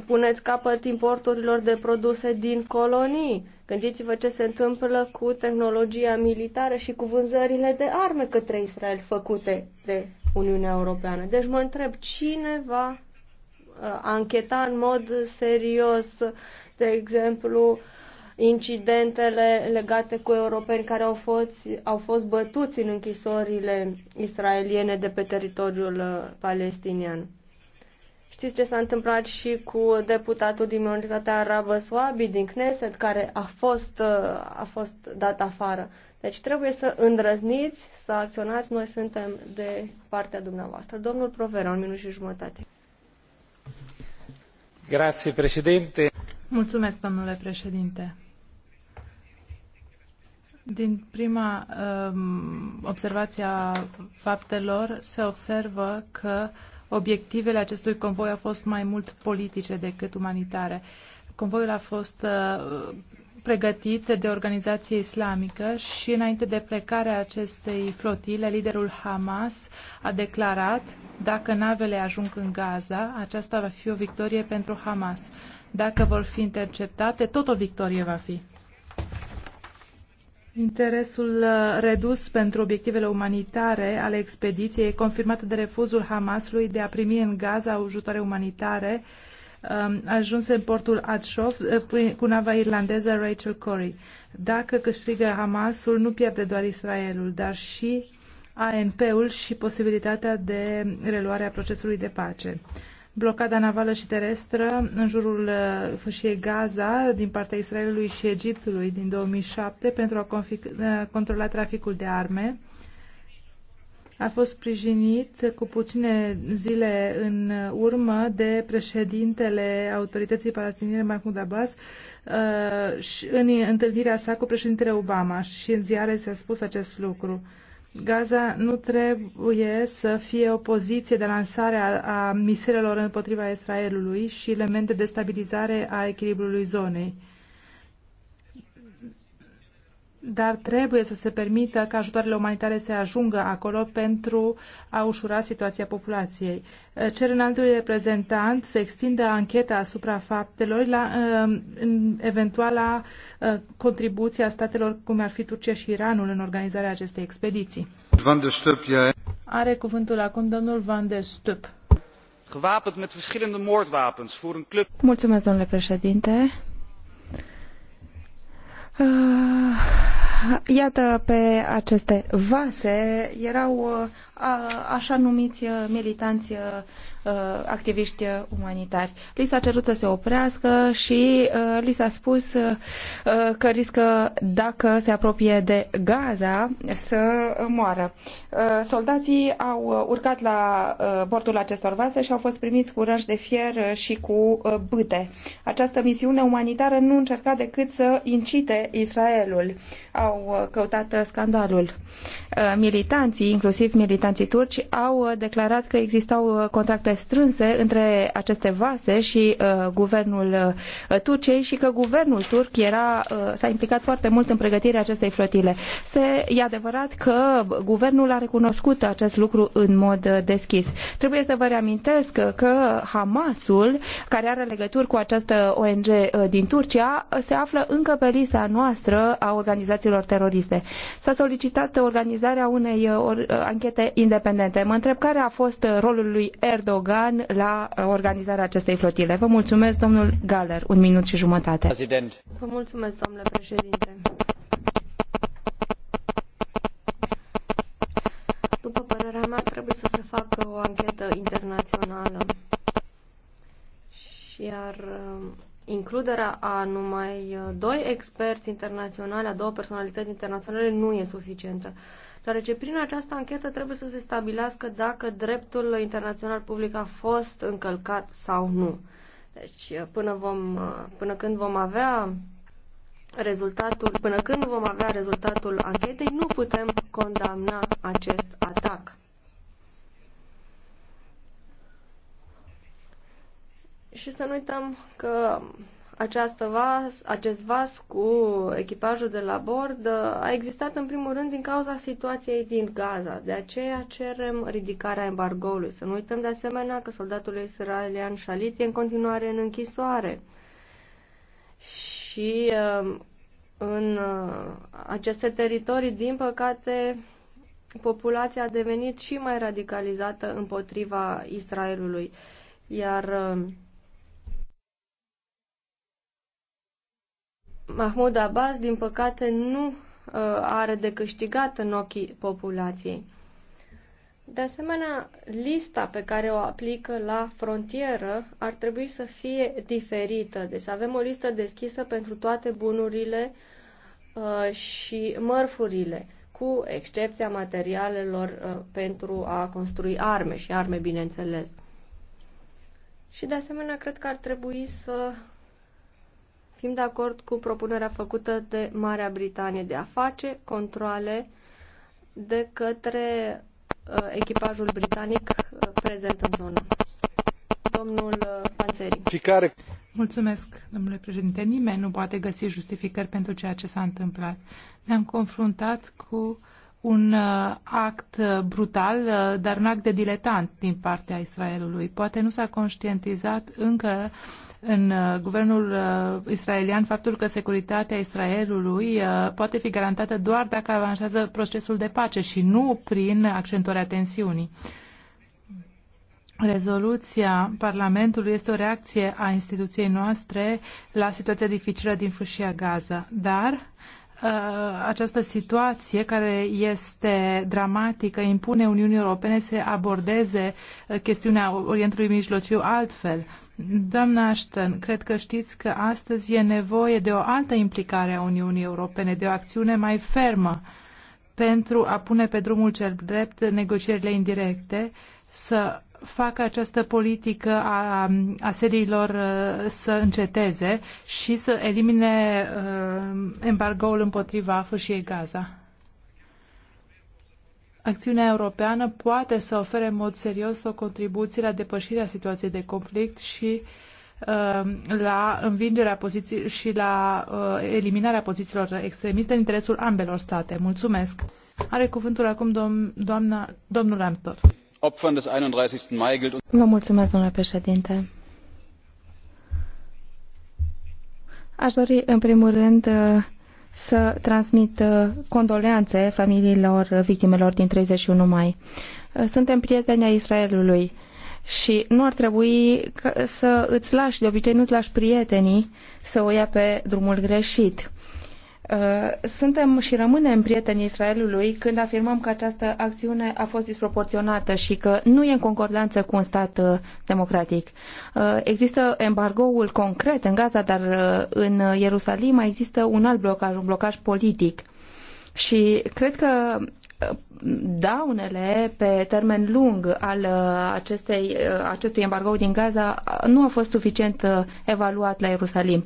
puneți capăt importurilor de produse din colonii. Gândiți-vă ce se întâmplă cu tehnologia militară și cu vânzările de arme către Israel făcute de Uniunea Europeană. Deci mă întreb cine va uh, ancheta în mod serios, de exemplu, incidentele legate cu europeni care au fost, au fost bătuți în închisorile israeliene de pe teritoriul uh, palestinian. Știți ce s-a întâmplat și cu deputatul din minoritatea arabă Swabi din Knesset, care a fost, uh, a fost dat afară. Deci trebuie să îndrăzniți, să acționați, noi suntem de partea dumneavoastră. Domnul Provera, un minut și jumătate. Grazie, președinte. Mulțumesc, domnule președinte. Din prima um, observație a faptelor, se observă că uh, Obiectivele acestui convoi au fost mai mult politice decât umanitare. Convoiul a fost uh, pregătit de organizație islamică și înainte de plecarea acestei flotile, liderul Hamas a declarat dacă navele ajung în Gaza, aceasta va fi o victorie pentru Hamas. Dacă vor fi interceptate, tot o victorie va fi. Interesul uh, redus pentru obiectivele umanitare ale expediției e confirmat de refuzul Hamasului de a primi în Gaza ajutoare umanitare um, ajunse în portul Atshof uh, cu nava irlandeză Rachel Corrie. Dacă câștigă Hamasul, nu pierde doar Israelul, dar și ANP-ul și posibilitatea de reluare a procesului de pace blocada navală și terestră în jurul uh, fâșiei Gaza din partea Israelului și Egiptului din 2007 pentru a uh, controla traficul de arme. A fost sprijinit cu puține zile în urmă de președintele autorității palestiniene Mahmoud Abbas uh, în întâlnirea sa cu președintele Obama și în ziare s-a spus acest lucru. Gaza nu trebuie să fie o poziție de lansare a, a miserelor împotriva Israelului și elemente de stabilizare a echilibrului zonei dar trebuie să se permită ca ajutoarele umanitare să ajungă acolo pentru a ușura situația populației. Cer altul reprezentant să extindă ancheta asupra faptelor la uh, eventuala uh, contribuție a statelor cum ar fi Turcia și Iranul în organizarea acestei expediții. Van de Stup, ja. Are cuvântul acum domnul Van de Stup. Gewapend met verschillende moordwapens voor een club. Mulțumesc, domnule președinte Ah, iată, pe aceste vase erau ah, așa numiți ah, militanți uh, activiști umanitari. Li s-a cerut să se oprească și uh, li s-a spus uh, că riscă, dacă se apropie de Gaza, să moară. Uh, soldații au uh, urcat la uh, bordul acestor vase și au fost primiți cu răși de fier uh, și cu uh, bâte. Această misiune umanitară nu încerca decât să incite Israelul. Au uh, căutat scandalul. Militanții, inclusiv militanții turci, au declarat că existau contracte strânse între aceste vase și uh, guvernul uh, Turciei și că guvernul turc era, uh, s-a implicat foarte mult în pregătirea acestei flotile. Se, e adevărat că guvernul a recunoscut acest lucru în mod uh, deschis. Trebuie să vă reamintesc că, Hamasul, care are legături cu această ONG uh, din Turcia, se află încă pe lista noastră a organizațiilor teroriste. S-a solicitat organizarea unei uh, uh anchete independente. Mă întreb care a fost rolul lui Erdogan Erdogan la uh, organizarea acestei flotile. Vă mulțumesc, domnul Galer. Un minut și jumătate. President. Vă mulțumesc, domnule președinte. După părerea mea, trebuie să se facă o anchetă internațională și iar uh, includerea a numai uh, doi experți internaționali, a două personalități internaționale nu e suficientă deoarece prin această anchetă trebuie să se stabilească dacă dreptul internațional public a fost încălcat sau nu. Deci, până, vom, până când vom avea rezultatul, până când vom avea rezultatul anchetei, nu putem condamna acest atac. Și să nu uităm că această vas, acest vas cu echipajul de la bord uh, a existat în primul rând din cauza situației din Gaza. De aceea cerem ridicarea embargoului. Să nu uităm de asemenea că soldatul israelian Shalit e în continuare în închisoare. Și uh, în uh, aceste teritorii, din păcate, populația a devenit și mai radicalizată împotriva Israelului. Iar uh, Mahmoud Abbas, din păcate, nu uh, are de câștigat în ochii populației. De asemenea, lista pe care o aplică la frontieră ar trebui să fie diferită. Deci avem o listă deschisă pentru toate bunurile uh, și mărfurile, cu excepția materialelor uh, pentru a construi arme și arme, bineînțeles. Și de asemenea, cred că ar trebui să Fim de acord cu propunerea făcută de Marea Britanie de a face controle de către uh, echipajul britanic uh, prezent în zonă. Domnul uh, Panțeri. Ficare. Mulțumesc, domnule președinte. Nimeni nu poate găsi justificări pentru ceea ce s-a întâmplat. Ne-am confruntat cu un act brutal, dar un act de diletant din partea Israelului. Poate nu s-a conștientizat încă uh, în uh, guvernul uh, israelian faptul că securitatea Israelului uh, poate fi garantată doar dacă avansează procesul de pace și nu prin accentuarea tensiunii. Rezoluția Parlamentului este o reacție a instituției noastre la situația dificilă din Fâșia Gaza, dar această situație care este dramatică impune Uniunii Europene să abordeze chestiunea Orientului Mijlociu altfel. Doamna Ashton, cred că știți că astăzi e nevoie de o altă implicare a Uniunii Europene, de o acțiune mai fermă pentru a pune pe drumul cel drept negocierile indirecte, să facă această politică a, a seriilor uh, să înceteze și să elimine uh, embargoul împotriva fâșiei Gaza. Acțiunea europeană poate să ofere în mod serios o contribuție la depășirea situației de conflict și uh, la învingerea poziției și la uh, eliminarea pozițiilor extremiste în interesul ambelor state. Mulțumesc. Are cuvântul acum dom doamna, domnul Ramstor. Vă mulțumesc, domnule președinte. Aș dori, în primul rând, uh, să transmit uh, condoleanțe familiilor victimelor din 31 mai. Uh, suntem prieteni ai Israelului și nu ar trebui să îți lași, de obicei nu îți lași prietenii să o ia pe drumul greșit. Uh, suntem și rămânem prietenii Israelului când afirmăm că această acțiune a fost disproporționată și că nu e în concordanță cu un stat uh, democratic. Uh, există embargoul concret în Gaza, dar în Ierusalim mai există un alt blocaj, un blocaj politic. Și cred că daunele pe termen lung al uh, acestei, uh, acestui embargo din Gaza nu a fost suficient uh, evaluat la Ierusalim.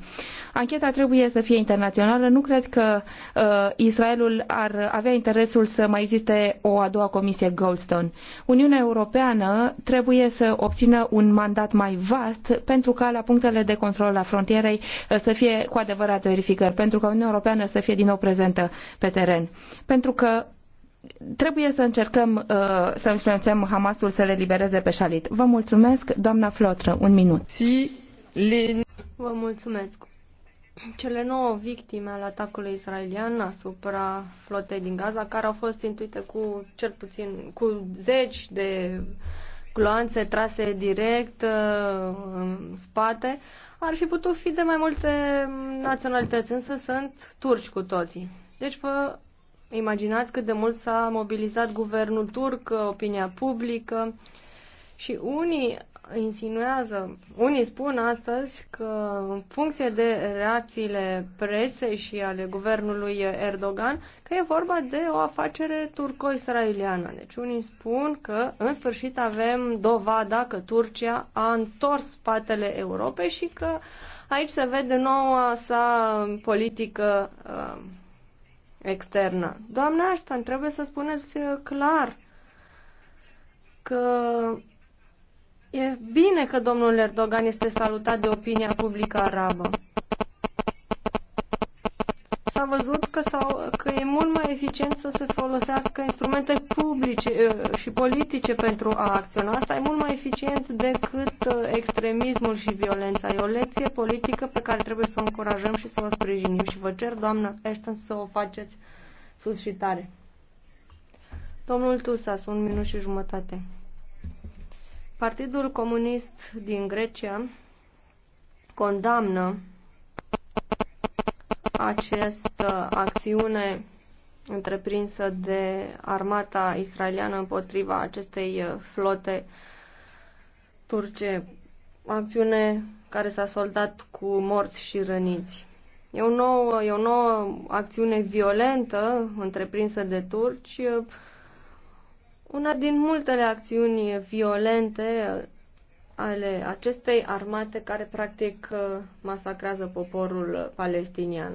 Ancheta trebuie să fie internațională. Nu cred că uh, Israelul ar avea interesul să mai existe o a doua comisie Goldstone. Uniunea Europeană trebuie să obțină un mandat mai vast pentru ca la punctele de control la frontierei să fie cu adevărat verificări, pentru ca Uniunea Europeană să fie din nou prezentă pe teren. Pentru că trebuie să încercăm uh, să influențăm Hamasul să le libereze pe Shalit. Vă mulțumesc, doamna Flotră, un minut. Vă mulțumesc. Cele nouă victime ale atacului israelian asupra flotei din Gaza, care au fost intuite cu cel puțin cu zeci de gloanțe trase direct uh, în spate, ar fi putut fi de mai multe naționalități, însă sunt turci cu toții. Deci vă imaginați cât de mult s-a mobilizat guvernul turc, uh, opinia publică și unii insinuează, unii spun astăzi că în funcție de reacțiile presei și ale guvernului Erdogan, că e vorba de o afacere turco-israeliană. Deci unii spun că în sfârșit avem dovada că Turcia a întors spatele Europei și că aici se vede noua sa politică uh, externă. Doamna Ashton, trebuie să spuneți uh, clar că e bine că domnul Erdogan este salutat de opinia publică arabă s-a văzut că, s-au, că e mult mai eficient să se folosească instrumente publice și politice pentru a acționa. Asta e mult mai eficient decât extremismul și violența. E o lecție politică pe care trebuie să o încurajăm și să o sprijinim. Și vă cer, doamnă Ashton, să o faceți sus și tare. Domnul Tusa, un minut și jumătate. Partidul Comunist din Grecia condamnă această acțiune întreprinsă de armata israeliană împotriva acestei uh, flote turce. acțiune care s-a soldat cu morți și răniți. E o nouă, e o nouă acțiune violentă întreprinsă de turci, uh, una din multele acțiuni violente ale acestei armate care practic uh, masacrează poporul palestinian.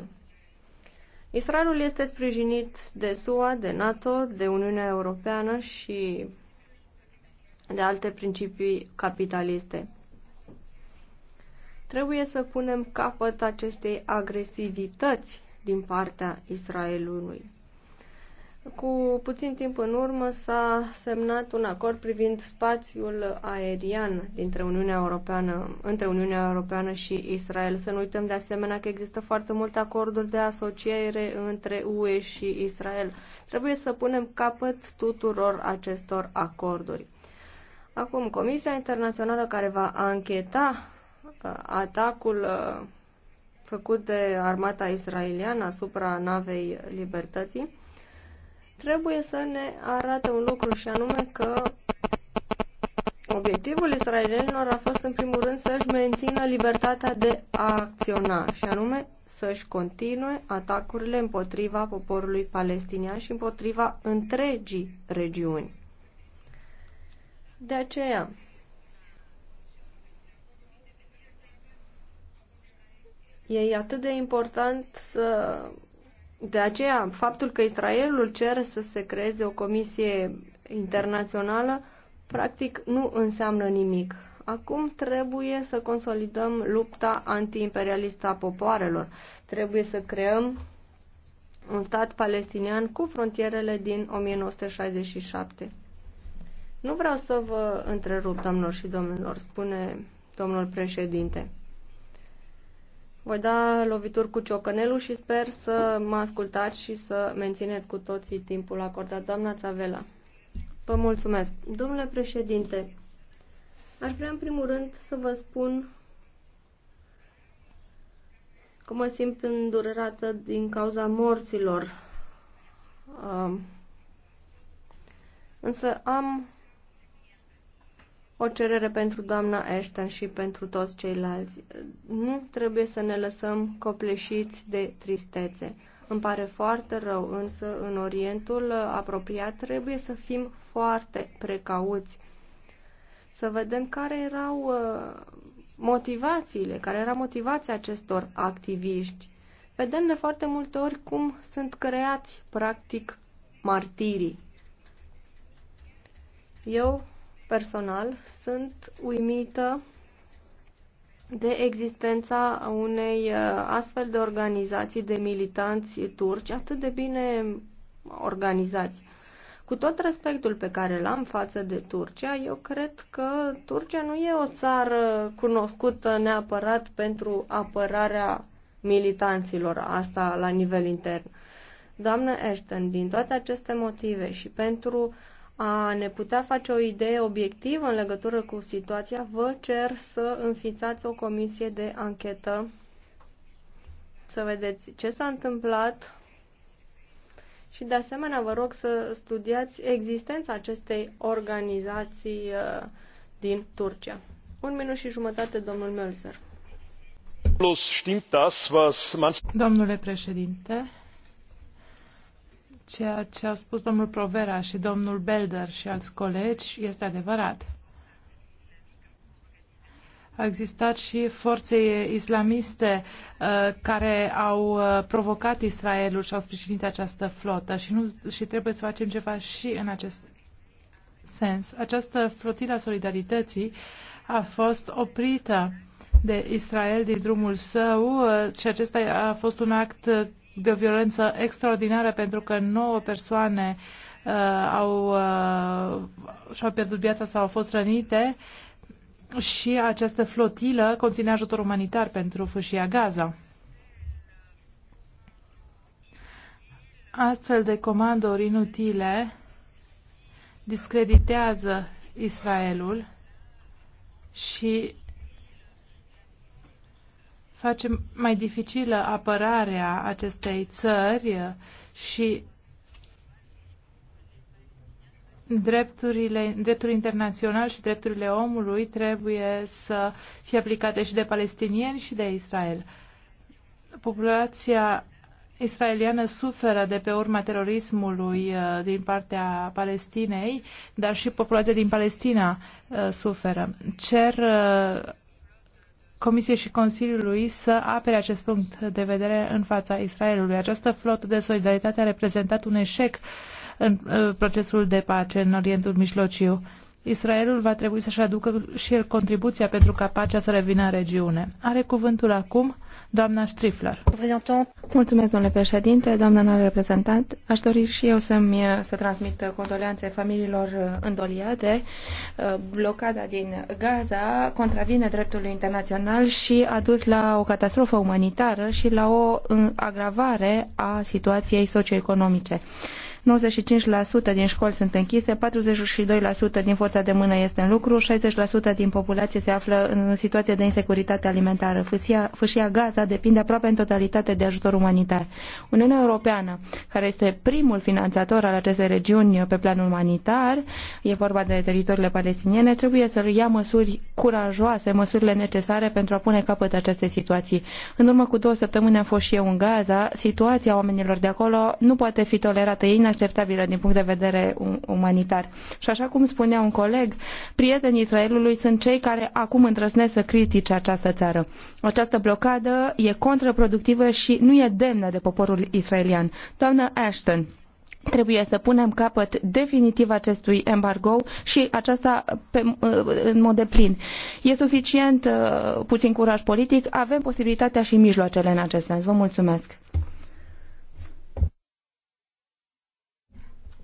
Israelul este sprijinit de SUA, de NATO, de Uniunea Europeană și de alte principii capitaliste. Trebuie să punem capăt acestei agresivități din partea Israelului. Cu puțin timp în urmă s-a semnat un acord privind spațiul aerian dintre Uniunea Europeană, între Uniunea Europeană și Israel. Să nu uităm de asemenea că există foarte multe acorduri de asociere între UE și Israel. Trebuie să punem capăt tuturor acestor acorduri. Acum, Comisia Internațională care va ancheta uh, atacul uh, făcut de armata israeliană asupra navei Libertății trebuie să ne arate un lucru și anume că obiectivul israelienilor a fost în primul rând să-și mențină libertatea de a acționa și anume să-și continue atacurile împotriva poporului palestinian și împotriva întregii regiuni. De aceea, e atât de important să de aceea, faptul că Israelul cere să se creeze o comisie internațională, practic nu înseamnă nimic. Acum trebuie să consolidăm lupta antiimperialistă a popoarelor. Trebuie să creăm un stat palestinian cu frontierele din 1967. Nu vreau să vă întrerup, doamnelor și domnilor, spune domnul președinte. Voi da lovituri cu ciocănelul și sper să mă ascultați și să mențineți cu toții timpul acordat. Doamna Țavela, vă mulțumesc. Domnule președinte, aș vrea în primul rând să vă spun că mă simt îndurerată din cauza morților. Însă am o cerere pentru doamna Ashton și pentru toți ceilalți. Nu trebuie să ne lăsăm copleșiți de tristețe. Îmi pare foarte rău, însă în Orientul apropiat trebuie să fim foarte precauți. Să vedem care erau uh, motivațiile, care era motivația acestor activiști. Vedem de foarte multe ori cum sunt creați, practic, martirii. Eu personal, sunt uimită de existența unei uh, astfel de organizații de militanți turci atât de bine organizați. Cu tot respectul pe care l-am față de Turcia, eu cred că Turcia nu e o țară cunoscută neapărat pentru apărarea militanților, asta la nivel intern. Doamnă Ashton, din toate aceste motive și pentru a ne putea face o idee obiectivă în legătură cu situația, vă cer să înființați o comisie de anchetă să vedeți ce s-a întâmplat și de asemenea vă rog să studiați existența acestei organizații uh, din Turcia. Un minut și jumătate, domnul Mölzer. Domnule președinte, Ceea ce a spus domnul Provera și domnul Belder și alți colegi este adevărat. A existat și forțe islamiste uh, care au uh, provocat Israelul și au sprijinit această flotă și, nu, și trebuie să facem ceva și în acest sens. Această flotilă a solidarității a fost oprită de Israel din drumul său uh, și acesta a fost un act de o violență extraordinară pentru că nouă persoane uh, au, uh, și-au pierdut viața sau au fost rănite și această flotilă conține ajutor umanitar pentru fâșia Gaza. Astfel de comandori inutile discreditează Israelul și face mai dificilă apărarea acestei țări și drepturile, dreptul internațional și drepturile omului trebuie să fie aplicate și de palestinieni și de Israel. Populația israeliană suferă de pe urma terorismului uh, din partea Palestinei, dar și populația din Palestina uh, suferă. Cer uh, Comisiei și Consiliului să apere acest punct de vedere în fața Israelului. Această flotă de solidaritate a reprezentat un eșec în uh, procesul de pace în Orientul Mijlociu. Israelul va trebui să-și aducă și el contribuția pentru ca pacea să revină în regiune. Are cuvântul acum Doamna Strifler. Mulțumesc, domnule președinte, doamna înalt reprezentant. Aș dori și eu să-mi uh, să transmit uh, condoleanțe familiilor uh, îndoliate. Blocada din Gaza contravine dreptului internațional și a dus la o catastrofă umanitară și la o agravare a situației socioeconomice. 95% din școli sunt închise, 42% din forța de mână este în lucru, 60% din populație se află în situație de insecuritate alimentară. Fâșia, fâșia Gaza depinde aproape în totalitate de ajutor umanitar. Uniunea Europeană, care este primul finanțator al acestei regiuni pe plan umanitar, e vorba de teritoriile palestiniene, trebuie să ia măsuri curajoase, măsurile necesare pentru a pune capăt acestei situații. În urmă cu două săptămâni am fost și eu în Gaza, situația oamenilor de acolo nu poate fi tolerată. Ei inacceptabilă din punct de vedere um, umanitar. Și așa cum spunea un coleg, prietenii Israelului sunt cei care acum îndrăznesc să critice această țară. Această blocadă e contraproductivă și nu e demnă de poporul israelian. Doamnă Ashton, trebuie să punem capăt definitiv acestui embargo și aceasta pe, în mod deplin. E suficient uh, puțin curaj politic, avem posibilitatea și mijloacele în acest sens. Vă mulțumesc!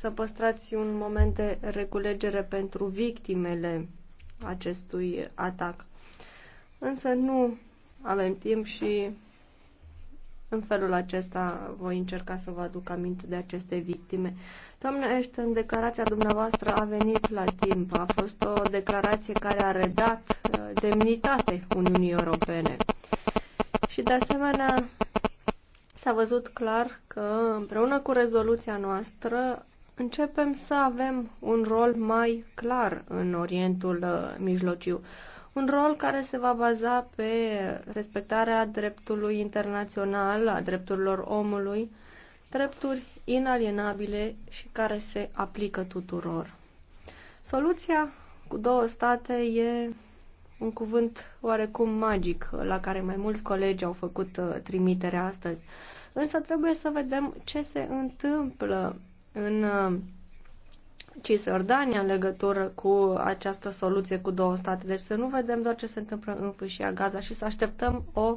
să păstrați un moment de reculegere pentru victimele acestui atac. Însă nu avem timp și în felul acesta voi încerca să vă aduc aminte de aceste victime. Doamne în declarația dumneavoastră a venit la timp. A fost o declarație care a redat uh, demnitate Uniunii Europene. Și de asemenea s-a văzut clar că împreună cu rezoluția noastră începem să avem un rol mai clar în Orientul uh, Mijlociu. Un rol care se va baza pe respectarea dreptului internațional, a drepturilor omului, drepturi inalienabile și care se aplică tuturor. Soluția cu două state e un cuvânt oarecum magic la care mai mulți colegi au făcut uh, trimitere astăzi. Însă trebuie să vedem ce se întâmplă în uh, Cisjordania în legătură cu această soluție cu două state. Deci să nu vedem doar ce se întâmplă în fâșia Gaza și să așteptăm o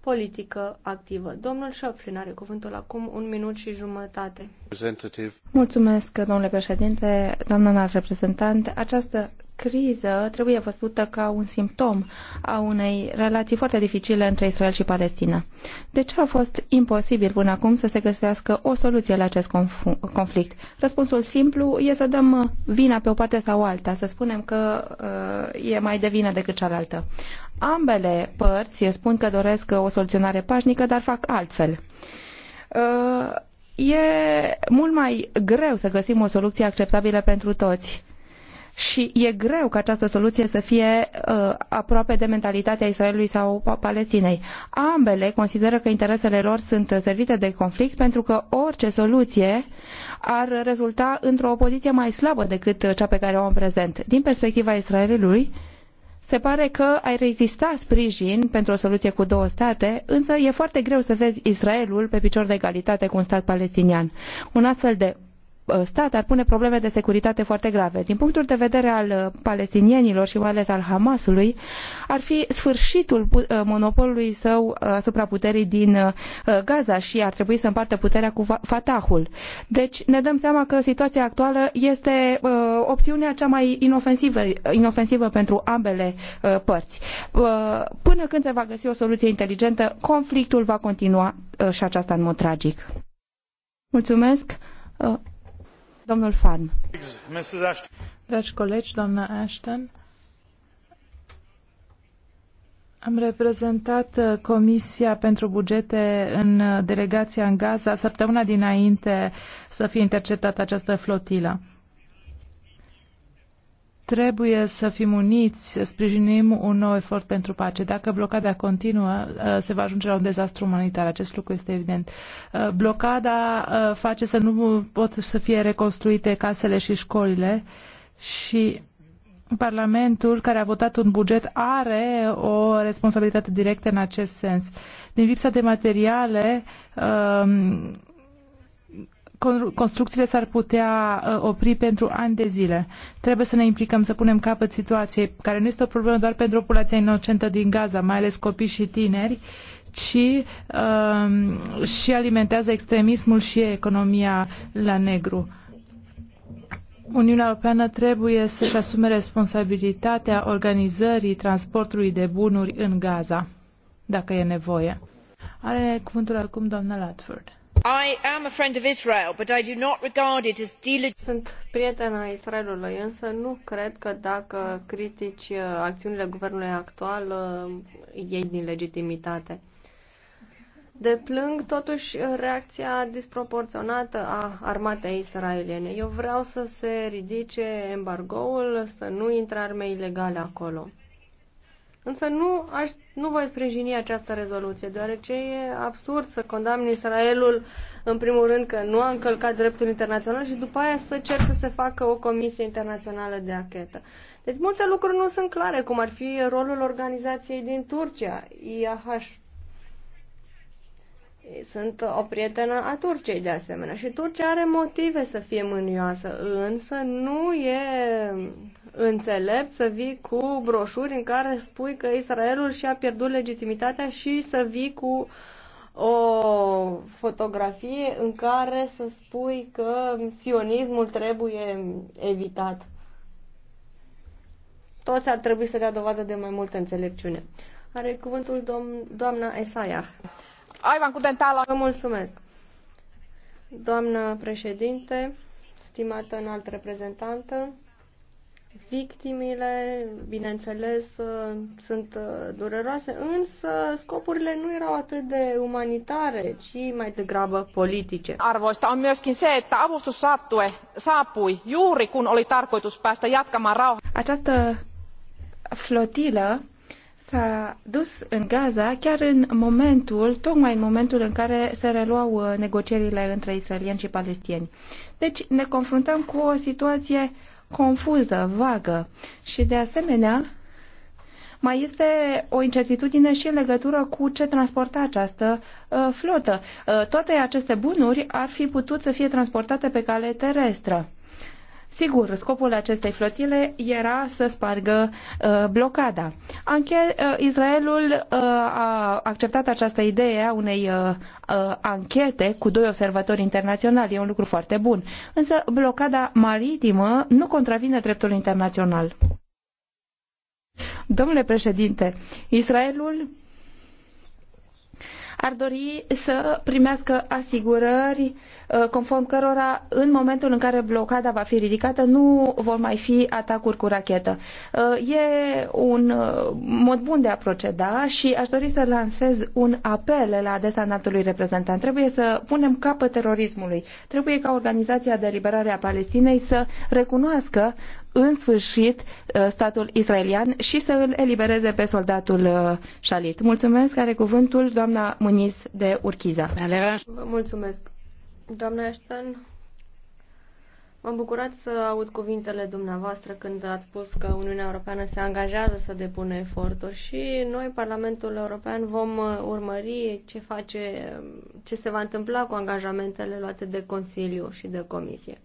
politică activă. Domnul Șoprin are cuvântul acum un minut și jumătate. Mulțumesc, domnule președinte, doamna reprezentant. Această criză trebuie văzută ca un simptom a unei relații foarte dificile între Israel și Palestina. De ce a fost imposibil până acum să se găsească o soluție la acest conflict? Răspunsul simplu e să dăm vina pe o parte sau alta, să spunem că uh, e mai de vină decât cealaltă. Ambele părți spun că doresc o soluționare pașnică, dar fac altfel. Uh, e mult mai greu să găsim o soluție acceptabilă pentru toți și e greu ca această soluție să fie uh, aproape de mentalitatea Israelului sau Palestinei. Ambele consideră că interesele lor sunt servite de conflict pentru că orice soluție ar rezulta într-o opoziție mai slabă decât cea pe care o au în prezent. Din perspectiva Israelului, se pare că ar exista sprijin pentru o soluție cu două state, însă e foarte greu să vezi Israelul pe picior de egalitate cu un stat palestinian. Un astfel de Uh, stat ar pune probleme de securitate foarte grave. Din punctul de vedere al uh, palestinienilor și mai ales al Hamasului, ar fi sfârșitul uh, monopolului său asupra puterii din Gaza și ar trebui să împartă puterea cu Fatahul. Deci ne dăm seama că situația actuală este opțiunea cea mai inofensivă, inofensivă pentru ambele părți. Până când se va găsi o soluție inteligentă, conflictul va continua și aceasta în mod tragic. Mulțumesc. Dragi colegi, Ashton, am reprezentat uh, Comisia pentru Bugete în uh, delegația în Gaza săptămâna dinainte să fie interceptată această flotilă trebuie să fim uniți, să sprijinim un nou efort pentru pace. Dacă blocada continuă, uh, se va ajunge la un dezastru umanitar. Acest lucru este evident. Uh, blocada uh, face să nu pot să fie reconstruite casele și școlile și Parlamentul, care a votat un buget, are o responsabilitate directă în acest sens. Din lipsa de materiale, construcțiile s-ar putea uh, opri pentru ani de zile. Trebuie să ne implicăm, să punem capăt situației, care nu este o problemă doar pentru populația inocentă din Gaza, mai ales copii și tineri, ci um, și alimentează extremismul și economia la negru. Uniunea Europeană trebuie să-și asume responsabilitatea organizării transportului de bunuri în Gaza, dacă e nevoie. Are cuvântul acum doamna Latford. Sunt prietena Israelului, însă nu cred că dacă critici uh, acțiunile guvernului actual, uh, iei din legitimitate. Deplâng totuși uh, reacția disproporționată a armatei israeliene. Eu vreau să se ridice embargoul, să nu intre arme ilegale acolo. Însă nu, aș, nu voi sprijini această rezoluție, deoarece e absurd să condamne Israelul, în primul rând, că nu a încălcat dreptul internațional și după aia să cer să se facă o comisie internațională de achetă. Deci multe lucruri nu sunt clare, cum ar fi rolul organizației din Turcia, IAH. Sunt o prietenă a Turciei, de asemenea, și Turcia are motive să fie mânioasă, însă nu e înțelept să vii cu broșuri în care spui că Israelul și-a pierdut legitimitatea și să vii cu o fotografie în care să spui că sionismul trebuie evitat. Toți ar trebui să dea dovadă de mai multă înțelepciune. Are cuvântul dom- doamna Esaia. Aivan cu dentala. Vă mulțumesc. Doamnă președinte, stimată înalt reprezentantă, Victimile, bineînțeles, uh, sunt uh, dureroase, însă scopurile nu erau atât de umanitare, ci mai degrabă politice. Arvoista on myöskin se, että avustus saattue, saapui juuri kun oli tarkoitus päästä jatkamaan rauhaa. Această flotilă s-a dus în Gaza chiar în momentul, tocmai în momentul în care se reluau uh, negocierile între israelieni și palestinieni. Deci ne confruntăm cu o situație confuză, vagă și de asemenea mai este o incertitudine și în legătură cu ce transporta această uh, flotă. Uh, toate aceste bunuri ar fi putut să fie transportate pe cale terestră. Sigur, scopul acestei flotile era să spargă uh, blocada. Anche, uh, Israelul uh, a acceptat această idee a unei uh, uh, anchete cu doi observatori internaționali. E un lucru foarte bun. Însă blocada maritimă nu contravine dreptul internațional. Domnule președinte, Israelul ar dori să primească asigurări Uh, conform cărora în momentul în care blocada va fi ridicată nu vor mai fi atacuri cu rachetă. Uh, e un uh, mod bun de a proceda și aș dori să lansez un apel la adresa înaltului reprezentant. Trebuie să punem capăt terorismului. Trebuie ca Organizația de Liberare a Palestinei să recunoască în sfârșit statul israelian și să îl elibereze pe soldatul Shalit. Mulțumesc, are cuvântul doamna Muniz de Urchiza. Mulțumesc. Doamna Ashton, m-am bucurat să aud cuvintele dumneavoastră când ați spus că Uniunea Europeană se angajează să depună eforturi și noi, Parlamentul European, vom uh, urmări ce, face, ce se va întâmpla cu angajamentele luate de Consiliu și de Comisie.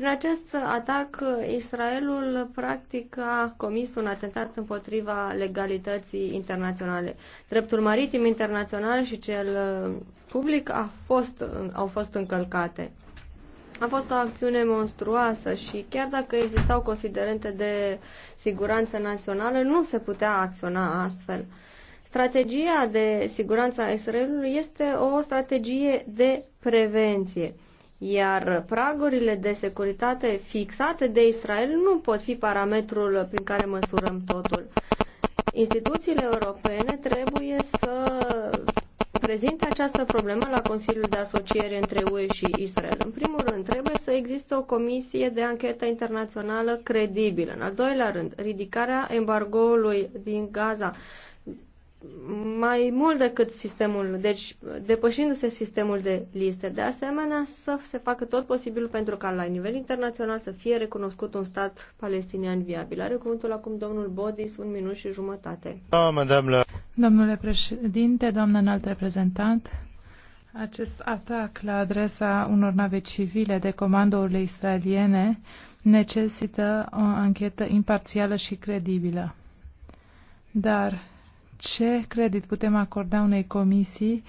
Prin acest atac, Israelul practic a comis un atentat împotriva legalității internaționale. Dreptul maritim internațional și cel uh, public a fost, uh, au fost încălcate. A fost o acțiune monstruoasă și chiar dacă existau considerente de siguranță națională, nu se putea acționa astfel. Strategia de siguranță a Israelului este o strategie de prevenție iar pragurile de securitate fixate de Israel nu pot fi parametrul prin care măsurăm totul. Instituțiile europene trebuie să prezinte această problemă la Consiliul de Asociere între UE și Israel. În primul rând, trebuie să existe o comisie de anchetă internațională credibilă. În al doilea rând, ridicarea embargoului din Gaza mai mult decât sistemul, deci depășindu-se sistemul de liste. De asemenea, să se facă tot posibilul pentru ca la nivel internațional să fie recunoscut un stat palestinian viabil. Are cuvântul acum domnul Bodis, un minut și jumătate. Da, Domnule președinte, doamnă înalt reprezentant, acest atac la adresa unor nave civile de comandourile israeliene necesită o anchetă imparțială și credibilă. Dar ce credit putem acorda unei comisii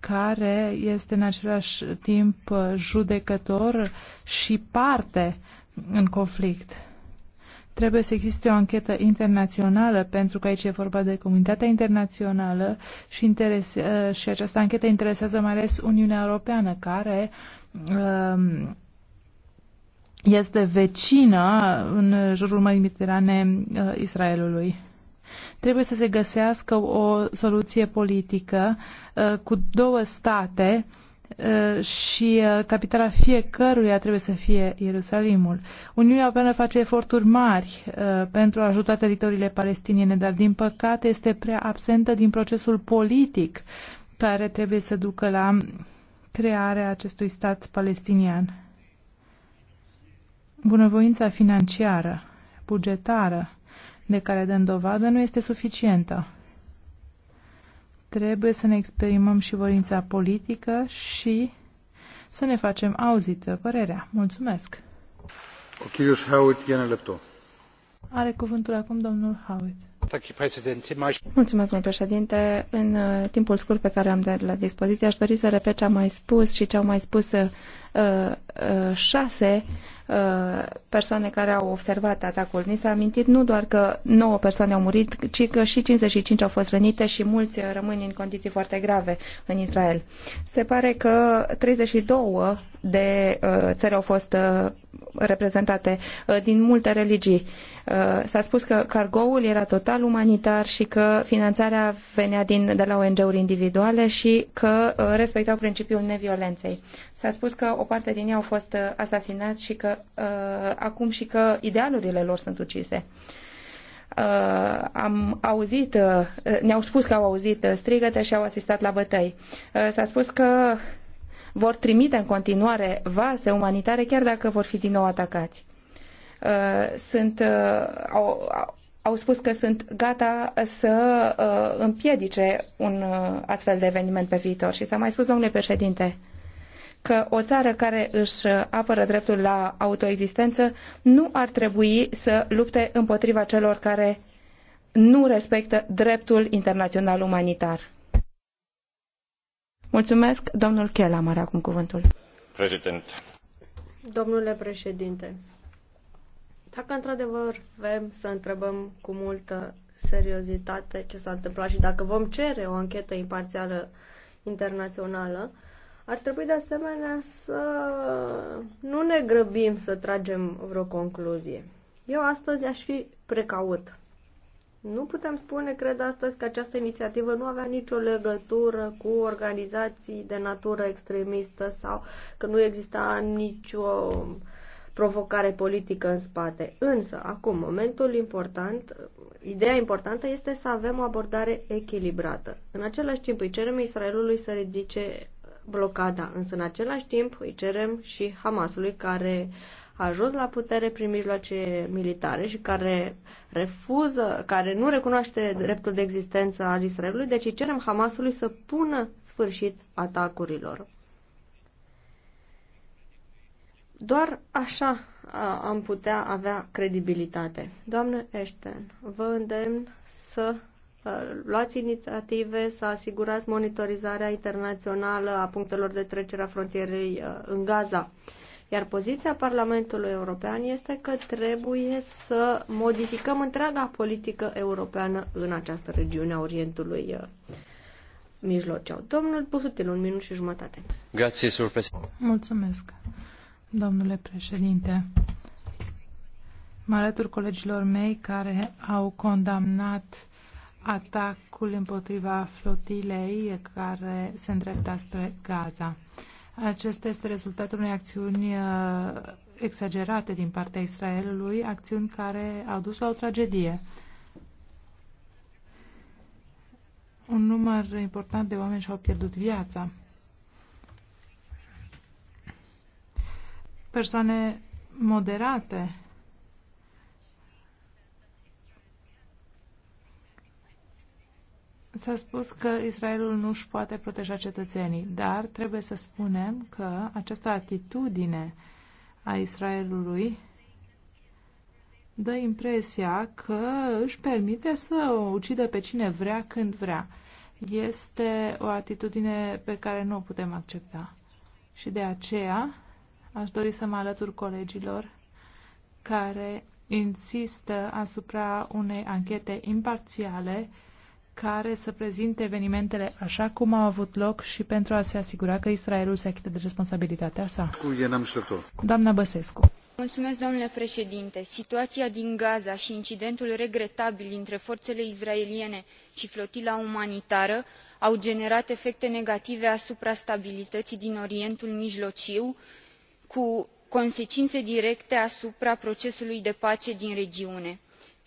care este în același timp judecător și parte în conflict? Trebuie să existe o anchetă internațională, pentru că aici e vorba de comunitatea internațională și, interese, uh, și această anchetă interesează mai ales Uniunea Europeană, care um, este vecină în jurul Mării Mediterane uh, Israelului. Trebuie să se găsească o soluție politică uh, cu două state uh, și uh, capitala fiecăruia trebuie să fie Ierusalimul. Uniunea Europeană face eforturi mari pentru a ajuta teritoriile palestiniene, dar din păcate este prea absentă din procesul politic care trebuie să ducă la crearea acestui stat palestinian. Bunăvoința financiară, bugetară, de care dăm dovadă nu este suficientă. Trebuie să ne exprimăm și voința politică și să ne facem auzită părerea. Mulțumesc! Are cuvântul acum domnul Howitt. Mulțumesc, domnul președinte. În uh, timpul scurt pe care am de la dispoziție, aș dori să repet ce am mai spus și ce au mai spus uh, uh, șase Uh, persoane care au observat atacul. Ni s-a amintit nu doar că 9 persoane au murit, ci că și 55 au fost rănite și mulți rămân în condiții foarte grave în Israel. Se pare că 32 de uh, țări au fost uh, reprezentate din multe religii. S-a spus că cargoul era total umanitar și că finanțarea venea din, de la ONG-uri individuale și că respectau principiul neviolenței. S-a spus că o parte din ei au fost asasinați și că uh, acum și că idealurile lor sunt ucise. Uh, am auzit, uh, ne-au spus că au auzit uh, strigăte și au asistat la bătăi. Uh, s-a spus că vor trimite în continuare vase umanitare chiar dacă vor fi din nou atacați. Uh, sunt, uh, au, au spus că sunt gata să uh, împiedice un uh, astfel de eveniment pe viitor. Și s-a mai spus, domnule președinte, uh, că o țară care își apără dreptul la autoexistență nu ar trebui să lupte împotriva celor care nu respectă dreptul internațional umanitar. Mulțumesc, domnul Chela, are acum cuvântul. President. Domnule președinte, dacă într-adevăr vrem să întrebăm cu multă seriozitate ce s-a întâmplat și dacă vom cere o anchetă imparțială internațională, ar trebui de asemenea să nu ne grăbim să tragem vreo concluzie. Eu astăzi aș fi precaut. Nu putem spune, cred astăzi, că această inițiativă nu avea nicio legătură cu organizații de natură extremistă sau că nu exista nicio provocare politică în spate. Însă, acum, momentul important, ideea importantă este să avem o abordare echilibrată. În același timp, îi cerem Israelului să ridice blocada, însă în același timp îi cerem și Hamasului care a ajuns la putere prin mijloace militare și care refuză, care nu recunoaște dreptul de existență al Israelului, deci îi cerem Hamasului să pună sfârșit atacurilor. Doar așa am putea avea credibilitate. Doamnă Ashton, vă îndemn să luați inițiative să asigurați monitorizarea internațională a punctelor de trecere a frontierei uh, în Gaza. Iar poziția Parlamentului European este că trebuie să modificăm întreaga politică europeană în această regiune a Orientului uh, Mijlociu. Domnul Pusutil, un minut și jumătate. Grazie, Mulțumesc, domnule președinte. Mă alătur colegilor mei care au condamnat atacul împotriva flotilei care se îndrepta spre Gaza. Acesta este rezultatul unei acțiuni uh, exagerate din partea Israelului, acțiuni care au dus la o tragedie. Un număr important de oameni și-au pierdut viața. Persoane moderate S-a spus că Israelul nu își poate proteja cetățenii, dar trebuie să spunem că această atitudine a Israelului dă impresia că își permite să o ucidă pe cine vrea, când vrea. Este o atitudine pe care nu o putem accepta. Și de aceea aș dori să mă alătur colegilor care insistă asupra unei anchete imparțiale care să prezinte evenimentele așa cum au avut loc și pentru a se asigura că Israelul se achită de responsabilitatea sa. Doamna Băsescu. Mulțumesc, domnule președinte. Situația din Gaza și incidentul regretabil între forțele izraeliene și flotila umanitară au generat efecte negative asupra stabilității din Orientul Mijlociu, cu consecințe directe asupra procesului de pace din regiune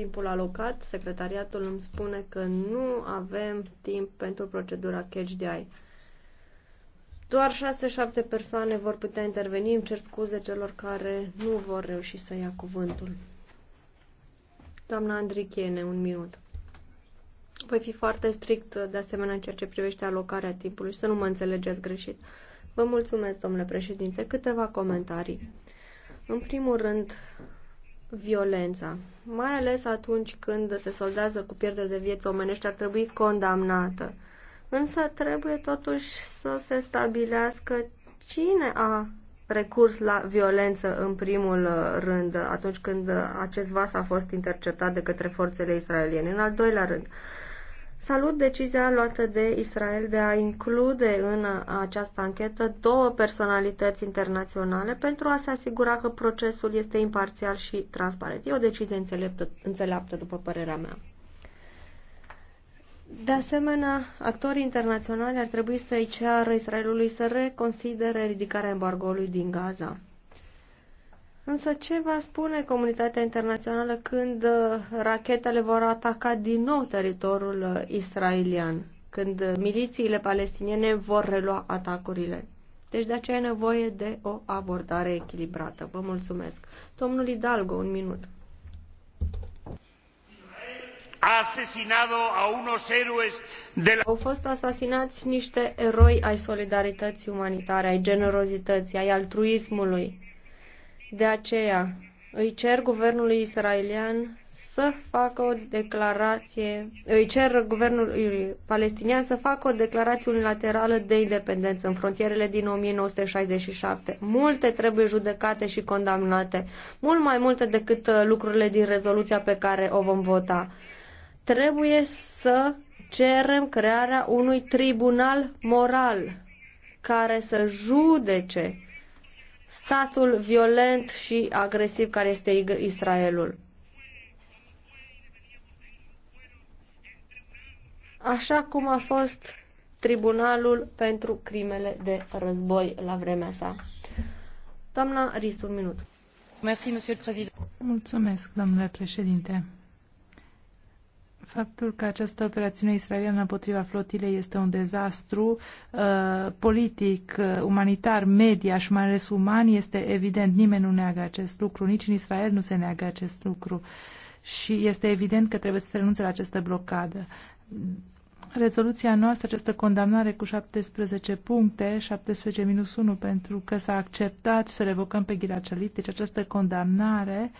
timpul alocat. Secretariatul îmi spune că nu avem timp pentru procedura catch Doar 6-7 persoane vor putea interveni. Îmi cer scuze celor care nu vor reuși să ia cuvântul. Doamna Andrichene, un minut. Voi fi foarte strict de asemenea în ceea ce privește alocarea timpului și să nu mă înțelegeți greșit. Vă mulțumesc, domnule președinte. Câteva comentarii. În primul rând, violența, mai ales atunci când se soldează cu pierderi de vieți omenești, ar trebui condamnată. Însă trebuie totuși să se stabilească cine a recurs la violență în primul uh, rând, atunci când uh, acest vas a fost interceptat de către forțele israeliene. În al doilea rând, Salut decizia luată de Israel de a include în această anchetă două personalități internaționale pentru a se asigura că procesul este imparțial și transparent. E o decizie înțeleaptă, înțeleaptă după părerea mea. De asemenea, actorii internaționali ar trebui să-i ceară Israelului să reconsidere ridicarea embargoului din Gaza. Însă ce va spune comunitatea internațională când uh, rachetele vor ataca din nou teritoriul uh, israelian, când uh, milițiile palestiniene vor relua atacurile? Deci de aceea e nevoie de o abordare echilibrată. Vă mulțumesc. Domnul Hidalgo, un minut. Au fost asasinați niște eroi ai solidarității umanitare, ai generozității, ai altruismului de aceea îi cer guvernului israelian să facă o declarație, îi cer guvernului palestinian să facă o declarație unilaterală de independență în frontierele din 1967. Multe trebuie judecate și condamnate, mult mai multe decât uh, lucrurile din rezoluția pe care o vom vota. Trebuie să cerem crearea unui tribunal moral care să judece statul violent și agresiv care este Israelul. Așa cum a fost Tribunalul pentru Crimele de Război la vremea sa. Doamna Rist, un minut. Mulțumesc, domnule președinte. Faptul că această operațiune israeliană împotriva flotilei este un dezastru uh, politic, uh, umanitar, media și mai ales uman este evident. Nimeni nu neagă acest lucru, nici în Israel nu se neagă acest lucru. Și este evident că trebuie să se renunțe la această blocadă. Rezoluția noastră, această condamnare cu 17 puncte, 17 minus 1, pentru că s-a acceptat să revocăm pe Ghilacelit, deci această condamnare uh,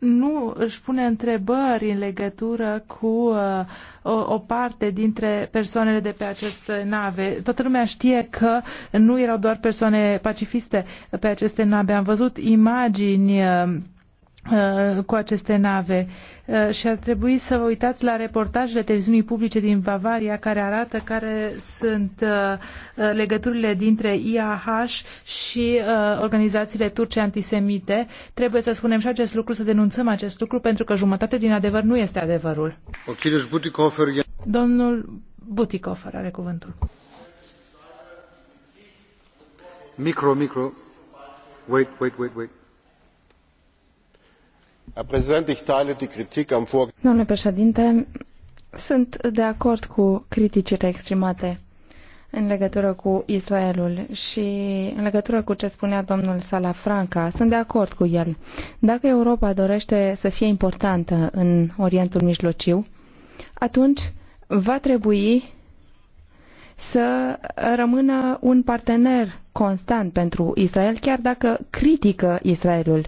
nu își pune întrebări în legătură cu uh, o, o parte dintre persoanele de pe aceste nave. Toată lumea știe că nu erau doar persoane pacifiste pe aceste nave. Am văzut imagini uh, Uh, cu aceste nave uh, și ar trebui să vă uitați la reportajele televiziunii publice din Bavaria care arată care sunt uh, legăturile dintre IAH și organizațiile turce antisemite. Trebuie să spunem și acest lucru, să denunțăm acest lucru, pentru că jumătate din adevăr nu este adevărul. Domnul Butikofer are cuvântul. Micro, micro. Wait, wait, wait, wait. Domnule președinte, sunt de acord cu criticile exprimate în legătură cu Israelul și în legătură cu ce spunea domnul Salafranca. Sunt de acord cu el. Dacă Europa dorește să fie importantă în Orientul Mijlociu, atunci va trebui să rămână un partener constant pentru Israel, chiar dacă critică Israelul.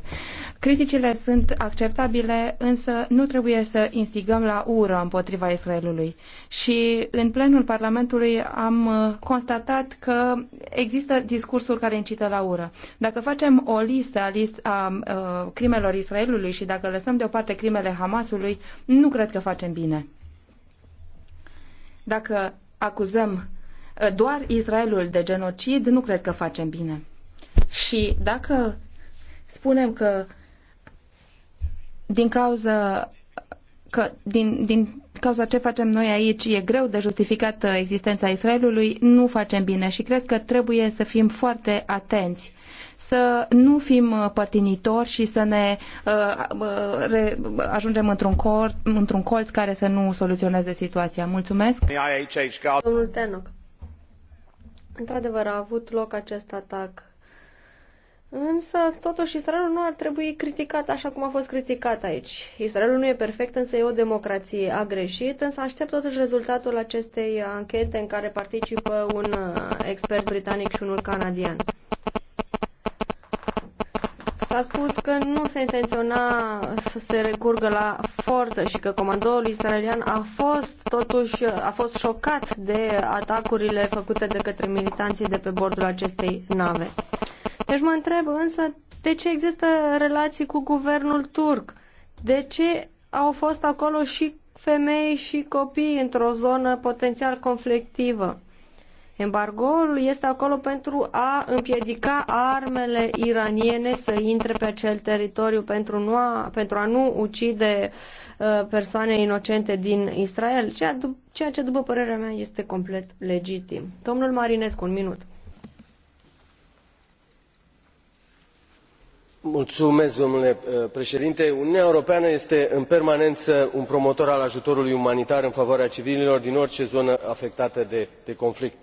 Criticile sunt acceptabile, însă nu trebuie să instigăm la ură împotriva Israelului. Și în plenul Parlamentului am uh, constatat că există discursuri care incită la ură. Dacă facem o listă a, list, a, a uh, crimelor Israelului și dacă lăsăm deoparte crimele Hamasului, nu cred că facem bine. Dacă acuzăm Eh, doar Israelul de genocid, nu cred că facem bine. Și dacă spunem că din cauza că din, din cauza ce facem noi aici e greu de justificat eh, existența Israelului, nu facem bine și cred că trebuie să fim foarte atenți să nu fim eh, părtinitori și să ne uh, re, ajungem într-un, cor, într-un colț care să nu soluționeze situația. Mulțumesc! Domnul Tenoc. Într-adevăr, a avut loc acest atac. Însă, totuși, Israelul nu ar trebui criticat așa cum a fost criticat aici. Israelul nu e perfect, însă e o democrație. A greșit, însă aștept totuși rezultatul acestei anchete în care participă un uh, expert britanic și unul canadian. S-a spus că nu se intenționa să se recurgă la forță și că comandorul israelian a fost totuși a fost șocat de atacurile făcute de către militanții de pe bordul acestei nave. Deci mă întreb însă de ce există relații cu guvernul turc? De ce au fost acolo și femei și copii într-o zonă potențial conflictivă? Embargoul este acolo pentru a împiedica armele iraniene să intre pe acel teritoriu pentru, nu a, pentru a nu ucide uh, persoane inocente din Israel, ceea, ceea ce, după părerea mea, este complet legitim. Domnul Marinescu, un minut. Mulțumesc, domnule uh, președinte. uniunea europeană este în permanență un promotor al ajutorului umanitar în favoarea civililor din orice zonă afectată de, de conflict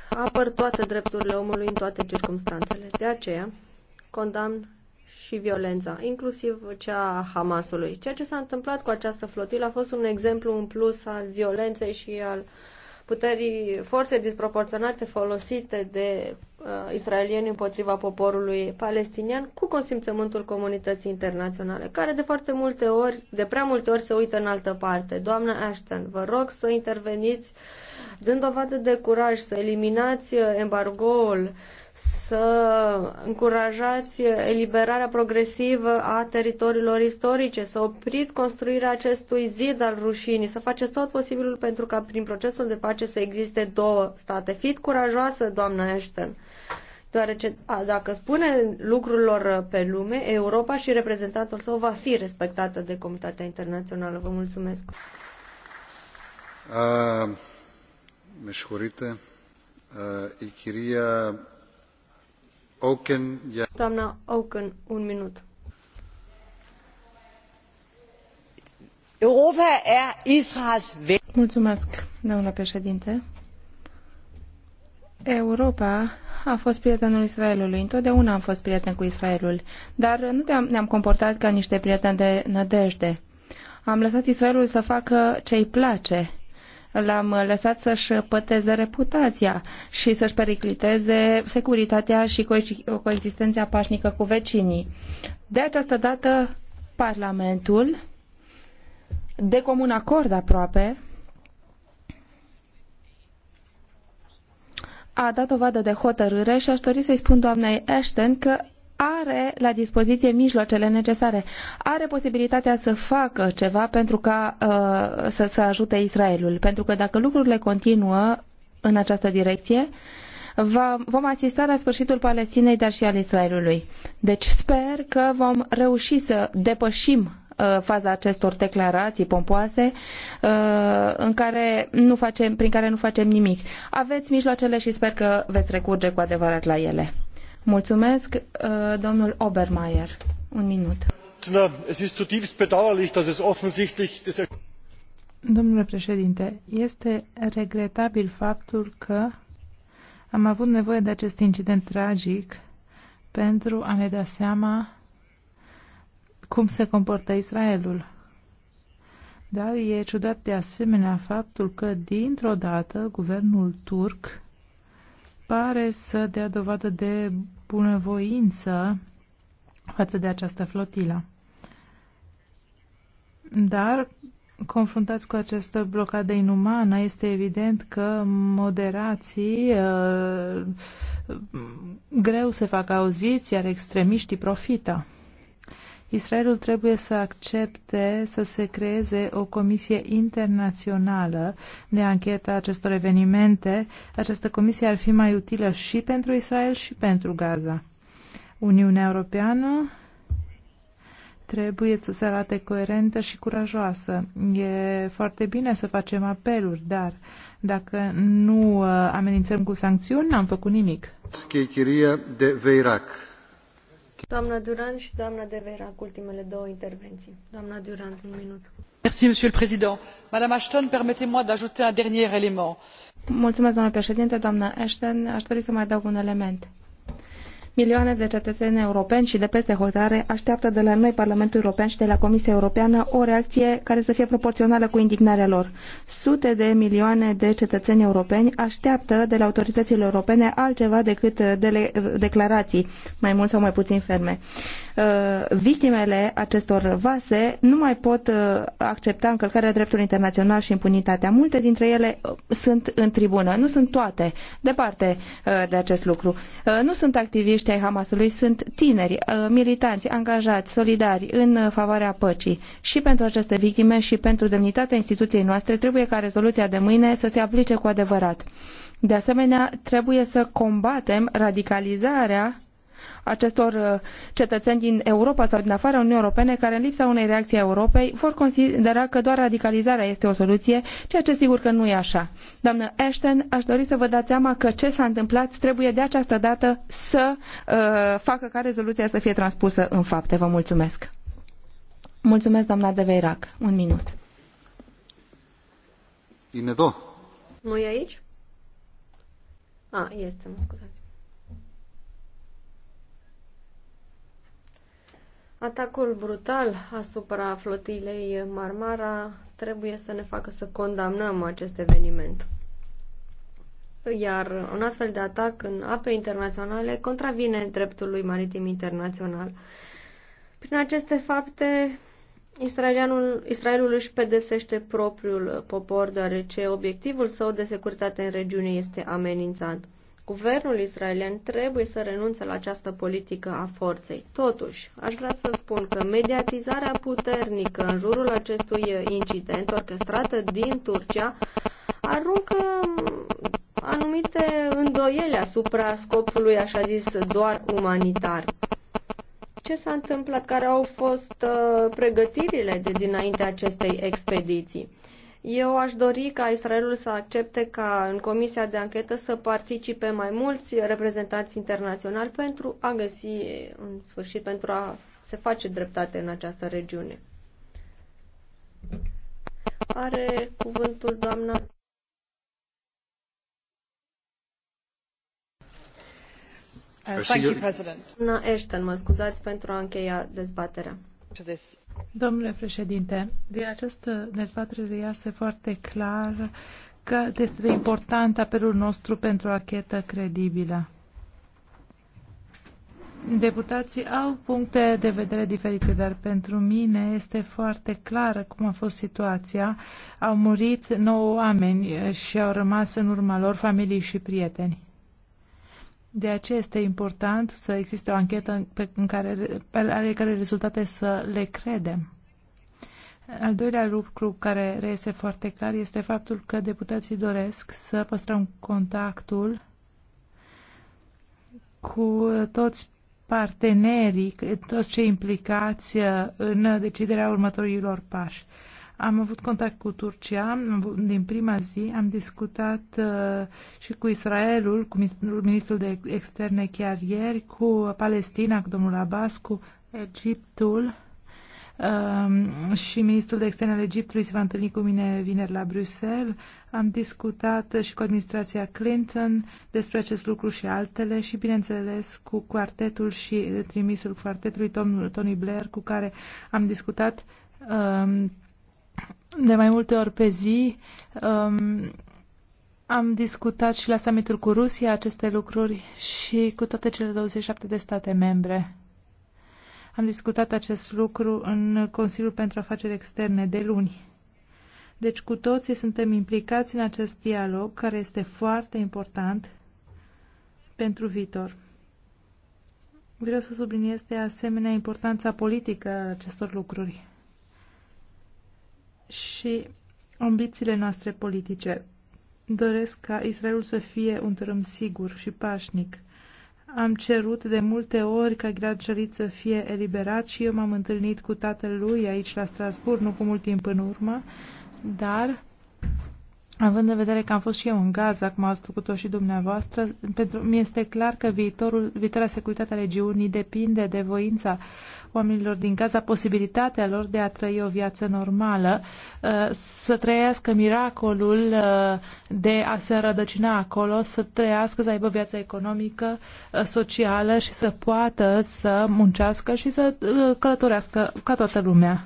apăr toate drepturile omului în toate circumstanțele. De aceea, condamn și violența, inclusiv cea a Hamasului. Ceea ce s-a întâmplat cu această flotilă a fost un exemplu în plus al violenței și al uh, puterii forțe disproporționate folosite de uh, israelieni împotriva poporului palestinian cu consimțământul comunității internaționale, care de foarte multe ori, de prea multe ori se uită în altă parte. Doamna Ashton, vă rog să interveniți dând dovadă de curaj, să eliminați uh, embargoul uh, să încurajați eliberarea progresivă a teritoriilor istorice, să opriți construirea acestui zid al rușinii, să faceți tot posibilul pentru ca prin procesul de pace să existe două state. Fiți curajoasă, doamna Ashton, deoarece a, dacă spune lucrurilor pe lume, Europa și reprezentantul său va fi respectată de comunitatea internațională. Vă mulțumesc. Uh, mi uh, Ichiria Oken, Oken, un minut. Europa er Israels Mulțumesc, doamna președinte. Europa a fost prietenul Israelului. Întotdeauna am fost prieten cu Israelul, dar nu ne-am, ne-am comportat ca niște prieteni de nădejde. Am lăsat Israelul să facă ce îi place l-am lăsat să-și păteze reputația și să-și pericliteze securitatea și coexistența pașnică cu vecinii. De această dată, Parlamentul, de comun acord aproape, a dat o vadă de hotărâre și aș dori să-i spun doamnei Ashton că are la dispoziție mijloacele necesare. Are posibilitatea să facă ceva pentru ca uh, să, să ajute Israelul. Pentru că dacă lucrurile continuă în această direcție, va, vom asista la sfârșitul Palestinei, dar și al Israelului. Deci sper că vom reuși să depășim uh, faza acestor declarații pompoase uh, în care nu facem, prin care nu facem nimic. Aveți mijloacele și sper că veți recurge cu adevărat la ele. Mulțumesc, uh, domnul Obermeier. Un minut. Domnule președinte, este regretabil faptul că am avut nevoie de acest incident tragic pentru a ne da seama cum se comportă Israelul. Dar e ciudat de asemenea faptul că, dintr-o dată, guvernul turc pare să dea dovadă de bunăvoință față de această flotilă. Dar, confruntați cu această blocadă inumană, este evident că moderații uh, greu se fac auziți, iar extremiștii profită. Israelul trebuie să accepte să se creeze o comisie internațională de anchetă a acestor evenimente. Această comisie ar fi mai utilă și pentru Israel și pentru Gaza. Uniunea Europeană trebuie să se arate coerentă și curajoasă. E foarte bine să facem apeluri, dar dacă nu uh, amenințăm cu sancțiuni, n-am făcut nimic. Cheichiria de Veirac. Doamna Durand și doamna de Vera, cu ultimele două intervenții. Doamna Durand, un minut. Merci, monsieur le président. Madame Ashton, permettez-moi d'ajouter un dernier élément. Mulțumesc, doamna președinte, doamna Ashton. Aș dori să mai adaug un element Milioane de cetățeni europeni și de peste hotare așteaptă de la noi, Parlamentul European și de la Comisia Europeană, o reacție care să fie proporțională cu indignarea lor. Sute de milioane de cetățeni europeni așteaptă de la autoritățile europene altceva decât uh, uh, declarații, mai mult sau mai puțin ferme. Uh, victimele acestor vase nu mai pot accepta încălcarea dreptului internațional și impunitatea. Multe dintre ele sunt în tribună. Nu sunt toate, departe de acest lucru. Nu sunt activiști teroriști ai Hamasului sunt tineri, uh, militanți, angajați, solidari în uh, favoarea păcii. Și pentru aceste victime și pentru demnitatea instituției noastre trebuie ca rezoluția de mâine să se aplice cu adevărat. De asemenea, trebuie să combatem radicalizarea acestor uh, cetățeni din Europa sau din afara Uniunii Europene care în lipsa unei reacții a Europei vor considera că doar radicalizarea este o soluție, ceea ce sigur că nu e așa. Doamnă Ashton, aș dori să vă dați seama că ce s-a întâmplat trebuie de această dată să uh, facă ca rezoluția să fie transpusă în fapte. Vă mulțumesc. Mulțumesc, doamna de Veirac. Un minut. Inedo. Nu e aici? A, ah, este, mă scuzați. Atacul brutal asupra flotilei Marmara trebuie să ne facă să condamnăm acest eveniment. Iar un astfel de atac în ape internaționale contravine dreptului maritim internațional. Prin aceste fapte, Israelianul, Israelul își pedepsește propriul popor, deoarece obiectivul său de securitate în regiune este amenințat. Guvernul israelian trebuie să renunțe la această politică a forței. Totuși, aș vrea să spun că mediatizarea puternică în jurul acestui incident orchestrată din Turcia aruncă mm, anumite îndoiele asupra scopului, așa zis, doar umanitar. Ce s-a întâmplat? Care au fost uh, pregătirile de dinainte acestei expediții? Eu aș dori ca Israelul să accepte ca în comisia de anchetă să participe mai mulți reprezentanți internaționali pentru a găsi, în sfârșit, pentru a se face dreptate în această regiune. Are cuvântul doamna. Uh, uh, doamna Ashton, mă scuzați pentru a încheia dezbaterea. Domnule președinte, din această dezbatere iasă foarte clar că este important apelul nostru pentru o achetă credibilă. Deputații au puncte de vedere diferite, dar pentru mine este foarte clară cum a fost situația. Au murit nouă oameni și au rămas în urma lor familii și prieteni. De aceea este important să existe o anchetă pe, în care, pe ale care rezultate să le credem. Al doilea lucru care reiese foarte clar este faptul că deputații doresc să păstrăm contactul cu toți partenerii, toți cei implicați uh, în deciderea următorilor pași. Am avut contact cu Turcia din prima zi, am discutat uh, și cu Israelul, cu ministrul de externe chiar ieri, cu Palestina, cu domnul Abbas, cu Egiptul um, și ministrul de externe al Egiptului se va întâlni cu mine vineri la Bruxelles. Am discutat și cu administrația Clinton despre acest lucru și altele și, bineînțeles, cu quartetul și trimisul quartetului Tony Blair, cu care am discutat um, de mai multe ori pe zi. Um, am discutat și la summitul cu Rusia aceste lucruri și cu toate cele 27 de state membre. Am discutat acest lucru în Consiliul pentru Afaceri Externe de luni. Deci cu toții suntem implicați în acest dialog care este foarte important pentru viitor. Vreau să subliniez de asemenea importanța politică a acestor lucruri și ambițiile noastre politice. Doresc ca Israelul să fie un tărâm sigur și pașnic. Am cerut de multe ori ca Gilad Shalit să fie eliberat și eu m-am întâlnit cu tatăl lui aici la Strasburg, nu cu mult timp în urmă, dar Având în vedere că am fost și eu în Gaza, cum ați făcut-o și dumneavoastră, pentru mi este clar că viitorul, viitoarea securitate a regiunii depinde de voința oamenilor din Gaza posibilitatea lor de a trăi o viață normală, uh, să trăiască miracolul uh, de a se rădăcina acolo, să trăiască, să aibă viața economică, uh, socială și să poată să muncească și să călătorească ca toată lumea.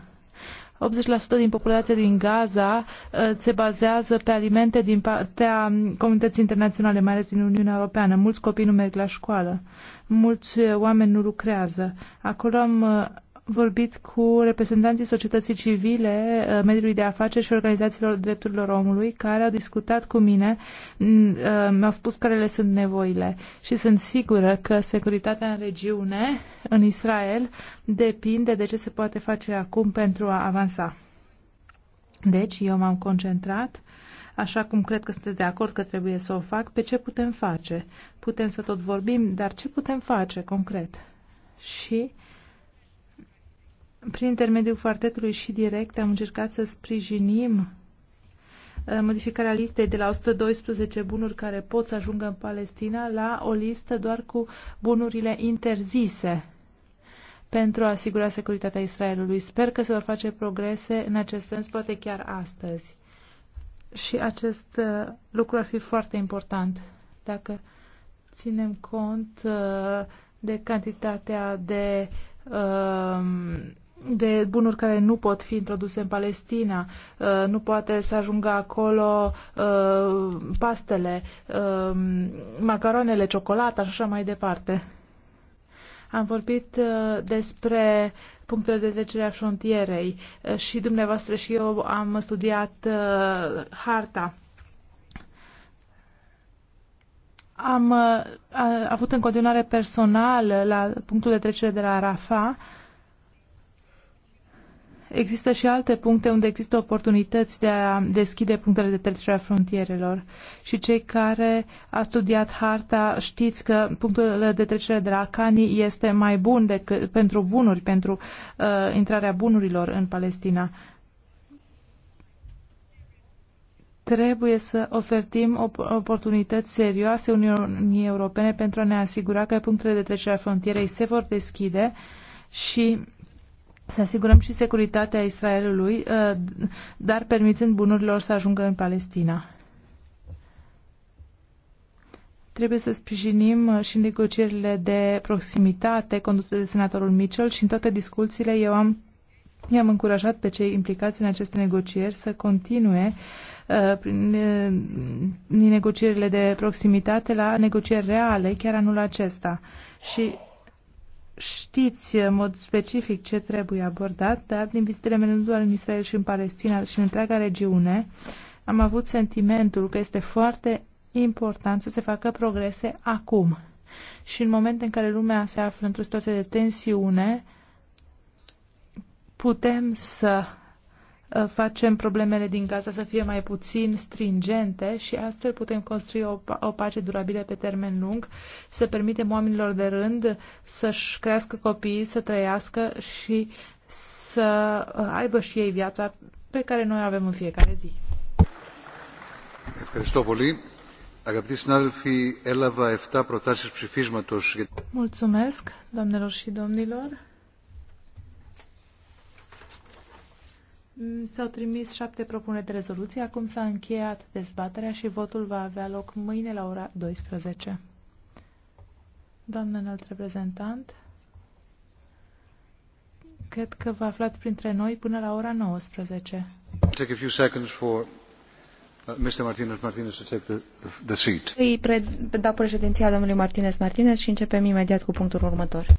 80% din populația din Gaza uh, se bazează pe alimente din partea comunității internaționale, mai ales din Uniunea Europeană. Mulți copii nu merg la școală, mulți uh, oameni nu lucrează. Acolo am uh, vorbit cu reprezentanții societății civile, uh, mediului de afaceri și organizațiilor drepturilor omului, care au discutat cu mine, mm, uh, mi-au spus care le sunt nevoile și sunt sigură că securitatea în regiune, în Israel, depinde de ce se poate face acum pentru a avansa. Deci, eu m-am concentrat așa cum cred că sunteți de acord că trebuie să o fac, pe ce putem face. Putem să tot vorbim, dar ce putem face concret? Și prin intermediul quartetului și direct am încercat să sprijinim uh, modificarea listei de la 112 bunuri care pot să ajungă în Palestina la o listă doar cu bunurile interzise pentru a asigura securitatea Israelului. Sper că se vor face progrese în acest sens, poate chiar astăzi. Și acest uh, lucru ar fi foarte important dacă ținem cont uh, de cantitatea de uh, de bunuri care nu pot fi introduse în Palestina, uh, nu poate să ajungă acolo uh, pastele, uh, macaronele, ciocolata și așa mai departe. Am vorbit despre punctele de trecere a frontierei și dumneavoastră și eu am studiat harta. Am avut în continuare personal la punctul de trecere de la Rafa există și alte puncte unde există oportunități de a deschide punctele de trecere a frontierelor. Și cei care a studiat harta știți că punctul de trecere de la Cani este mai bun decât pentru bunuri, pentru uh, intrarea bunurilor în Palestina. Trebuie să ofertim op- oportunități serioase Uniunii Europene pentru a ne asigura că punctele de trecere a frontierei se vor deschide și să asigurăm și securitatea Israelului, uh, dar permițând bunurilor să ajungă în Palestina. Trebuie să sprijinim uh, și negocierile de proximitate conduse de senatorul Mitchell și în toate discuțiile eu am i-am încurajat pe cei implicați în aceste negocieri să continue uh, prin negocierile de proximitate la negocieri reale chiar anul acesta. Și știți în mod specific ce trebuie abordat, dar din vizitele mele nu doar în Israel și în Palestina, și în întreaga regiune, am avut sentimentul că este foarte important să se facă progrese acum. Și în momentul în care lumea se află într-o situație de tensiune, putem să Uh, facem problemele din Gaza să fie mai puțin stringente și astfel putem construi o, o pace durabilă pe termen lung și să permitem oamenilor de rând să-și crească copiii, să trăiască și să uh, aibă și ei viața pe care noi o avem în fiecare zi. Mulțumesc, doamnelor și domnilor. Mm, s-au trimis șapte propuneri de rezoluție. Acum s-a încheiat dezbaterea și votul va avea loc mâine la ora 12. Doamnă înalt reprezentant, cred că vă aflați printre noi până la ora 19. Take a few seconds for uh, Mr. Martinez Martinez to take the, the seat. Îi preda președinția domnului Martinez Martinez și începem imediat cu punctul următor.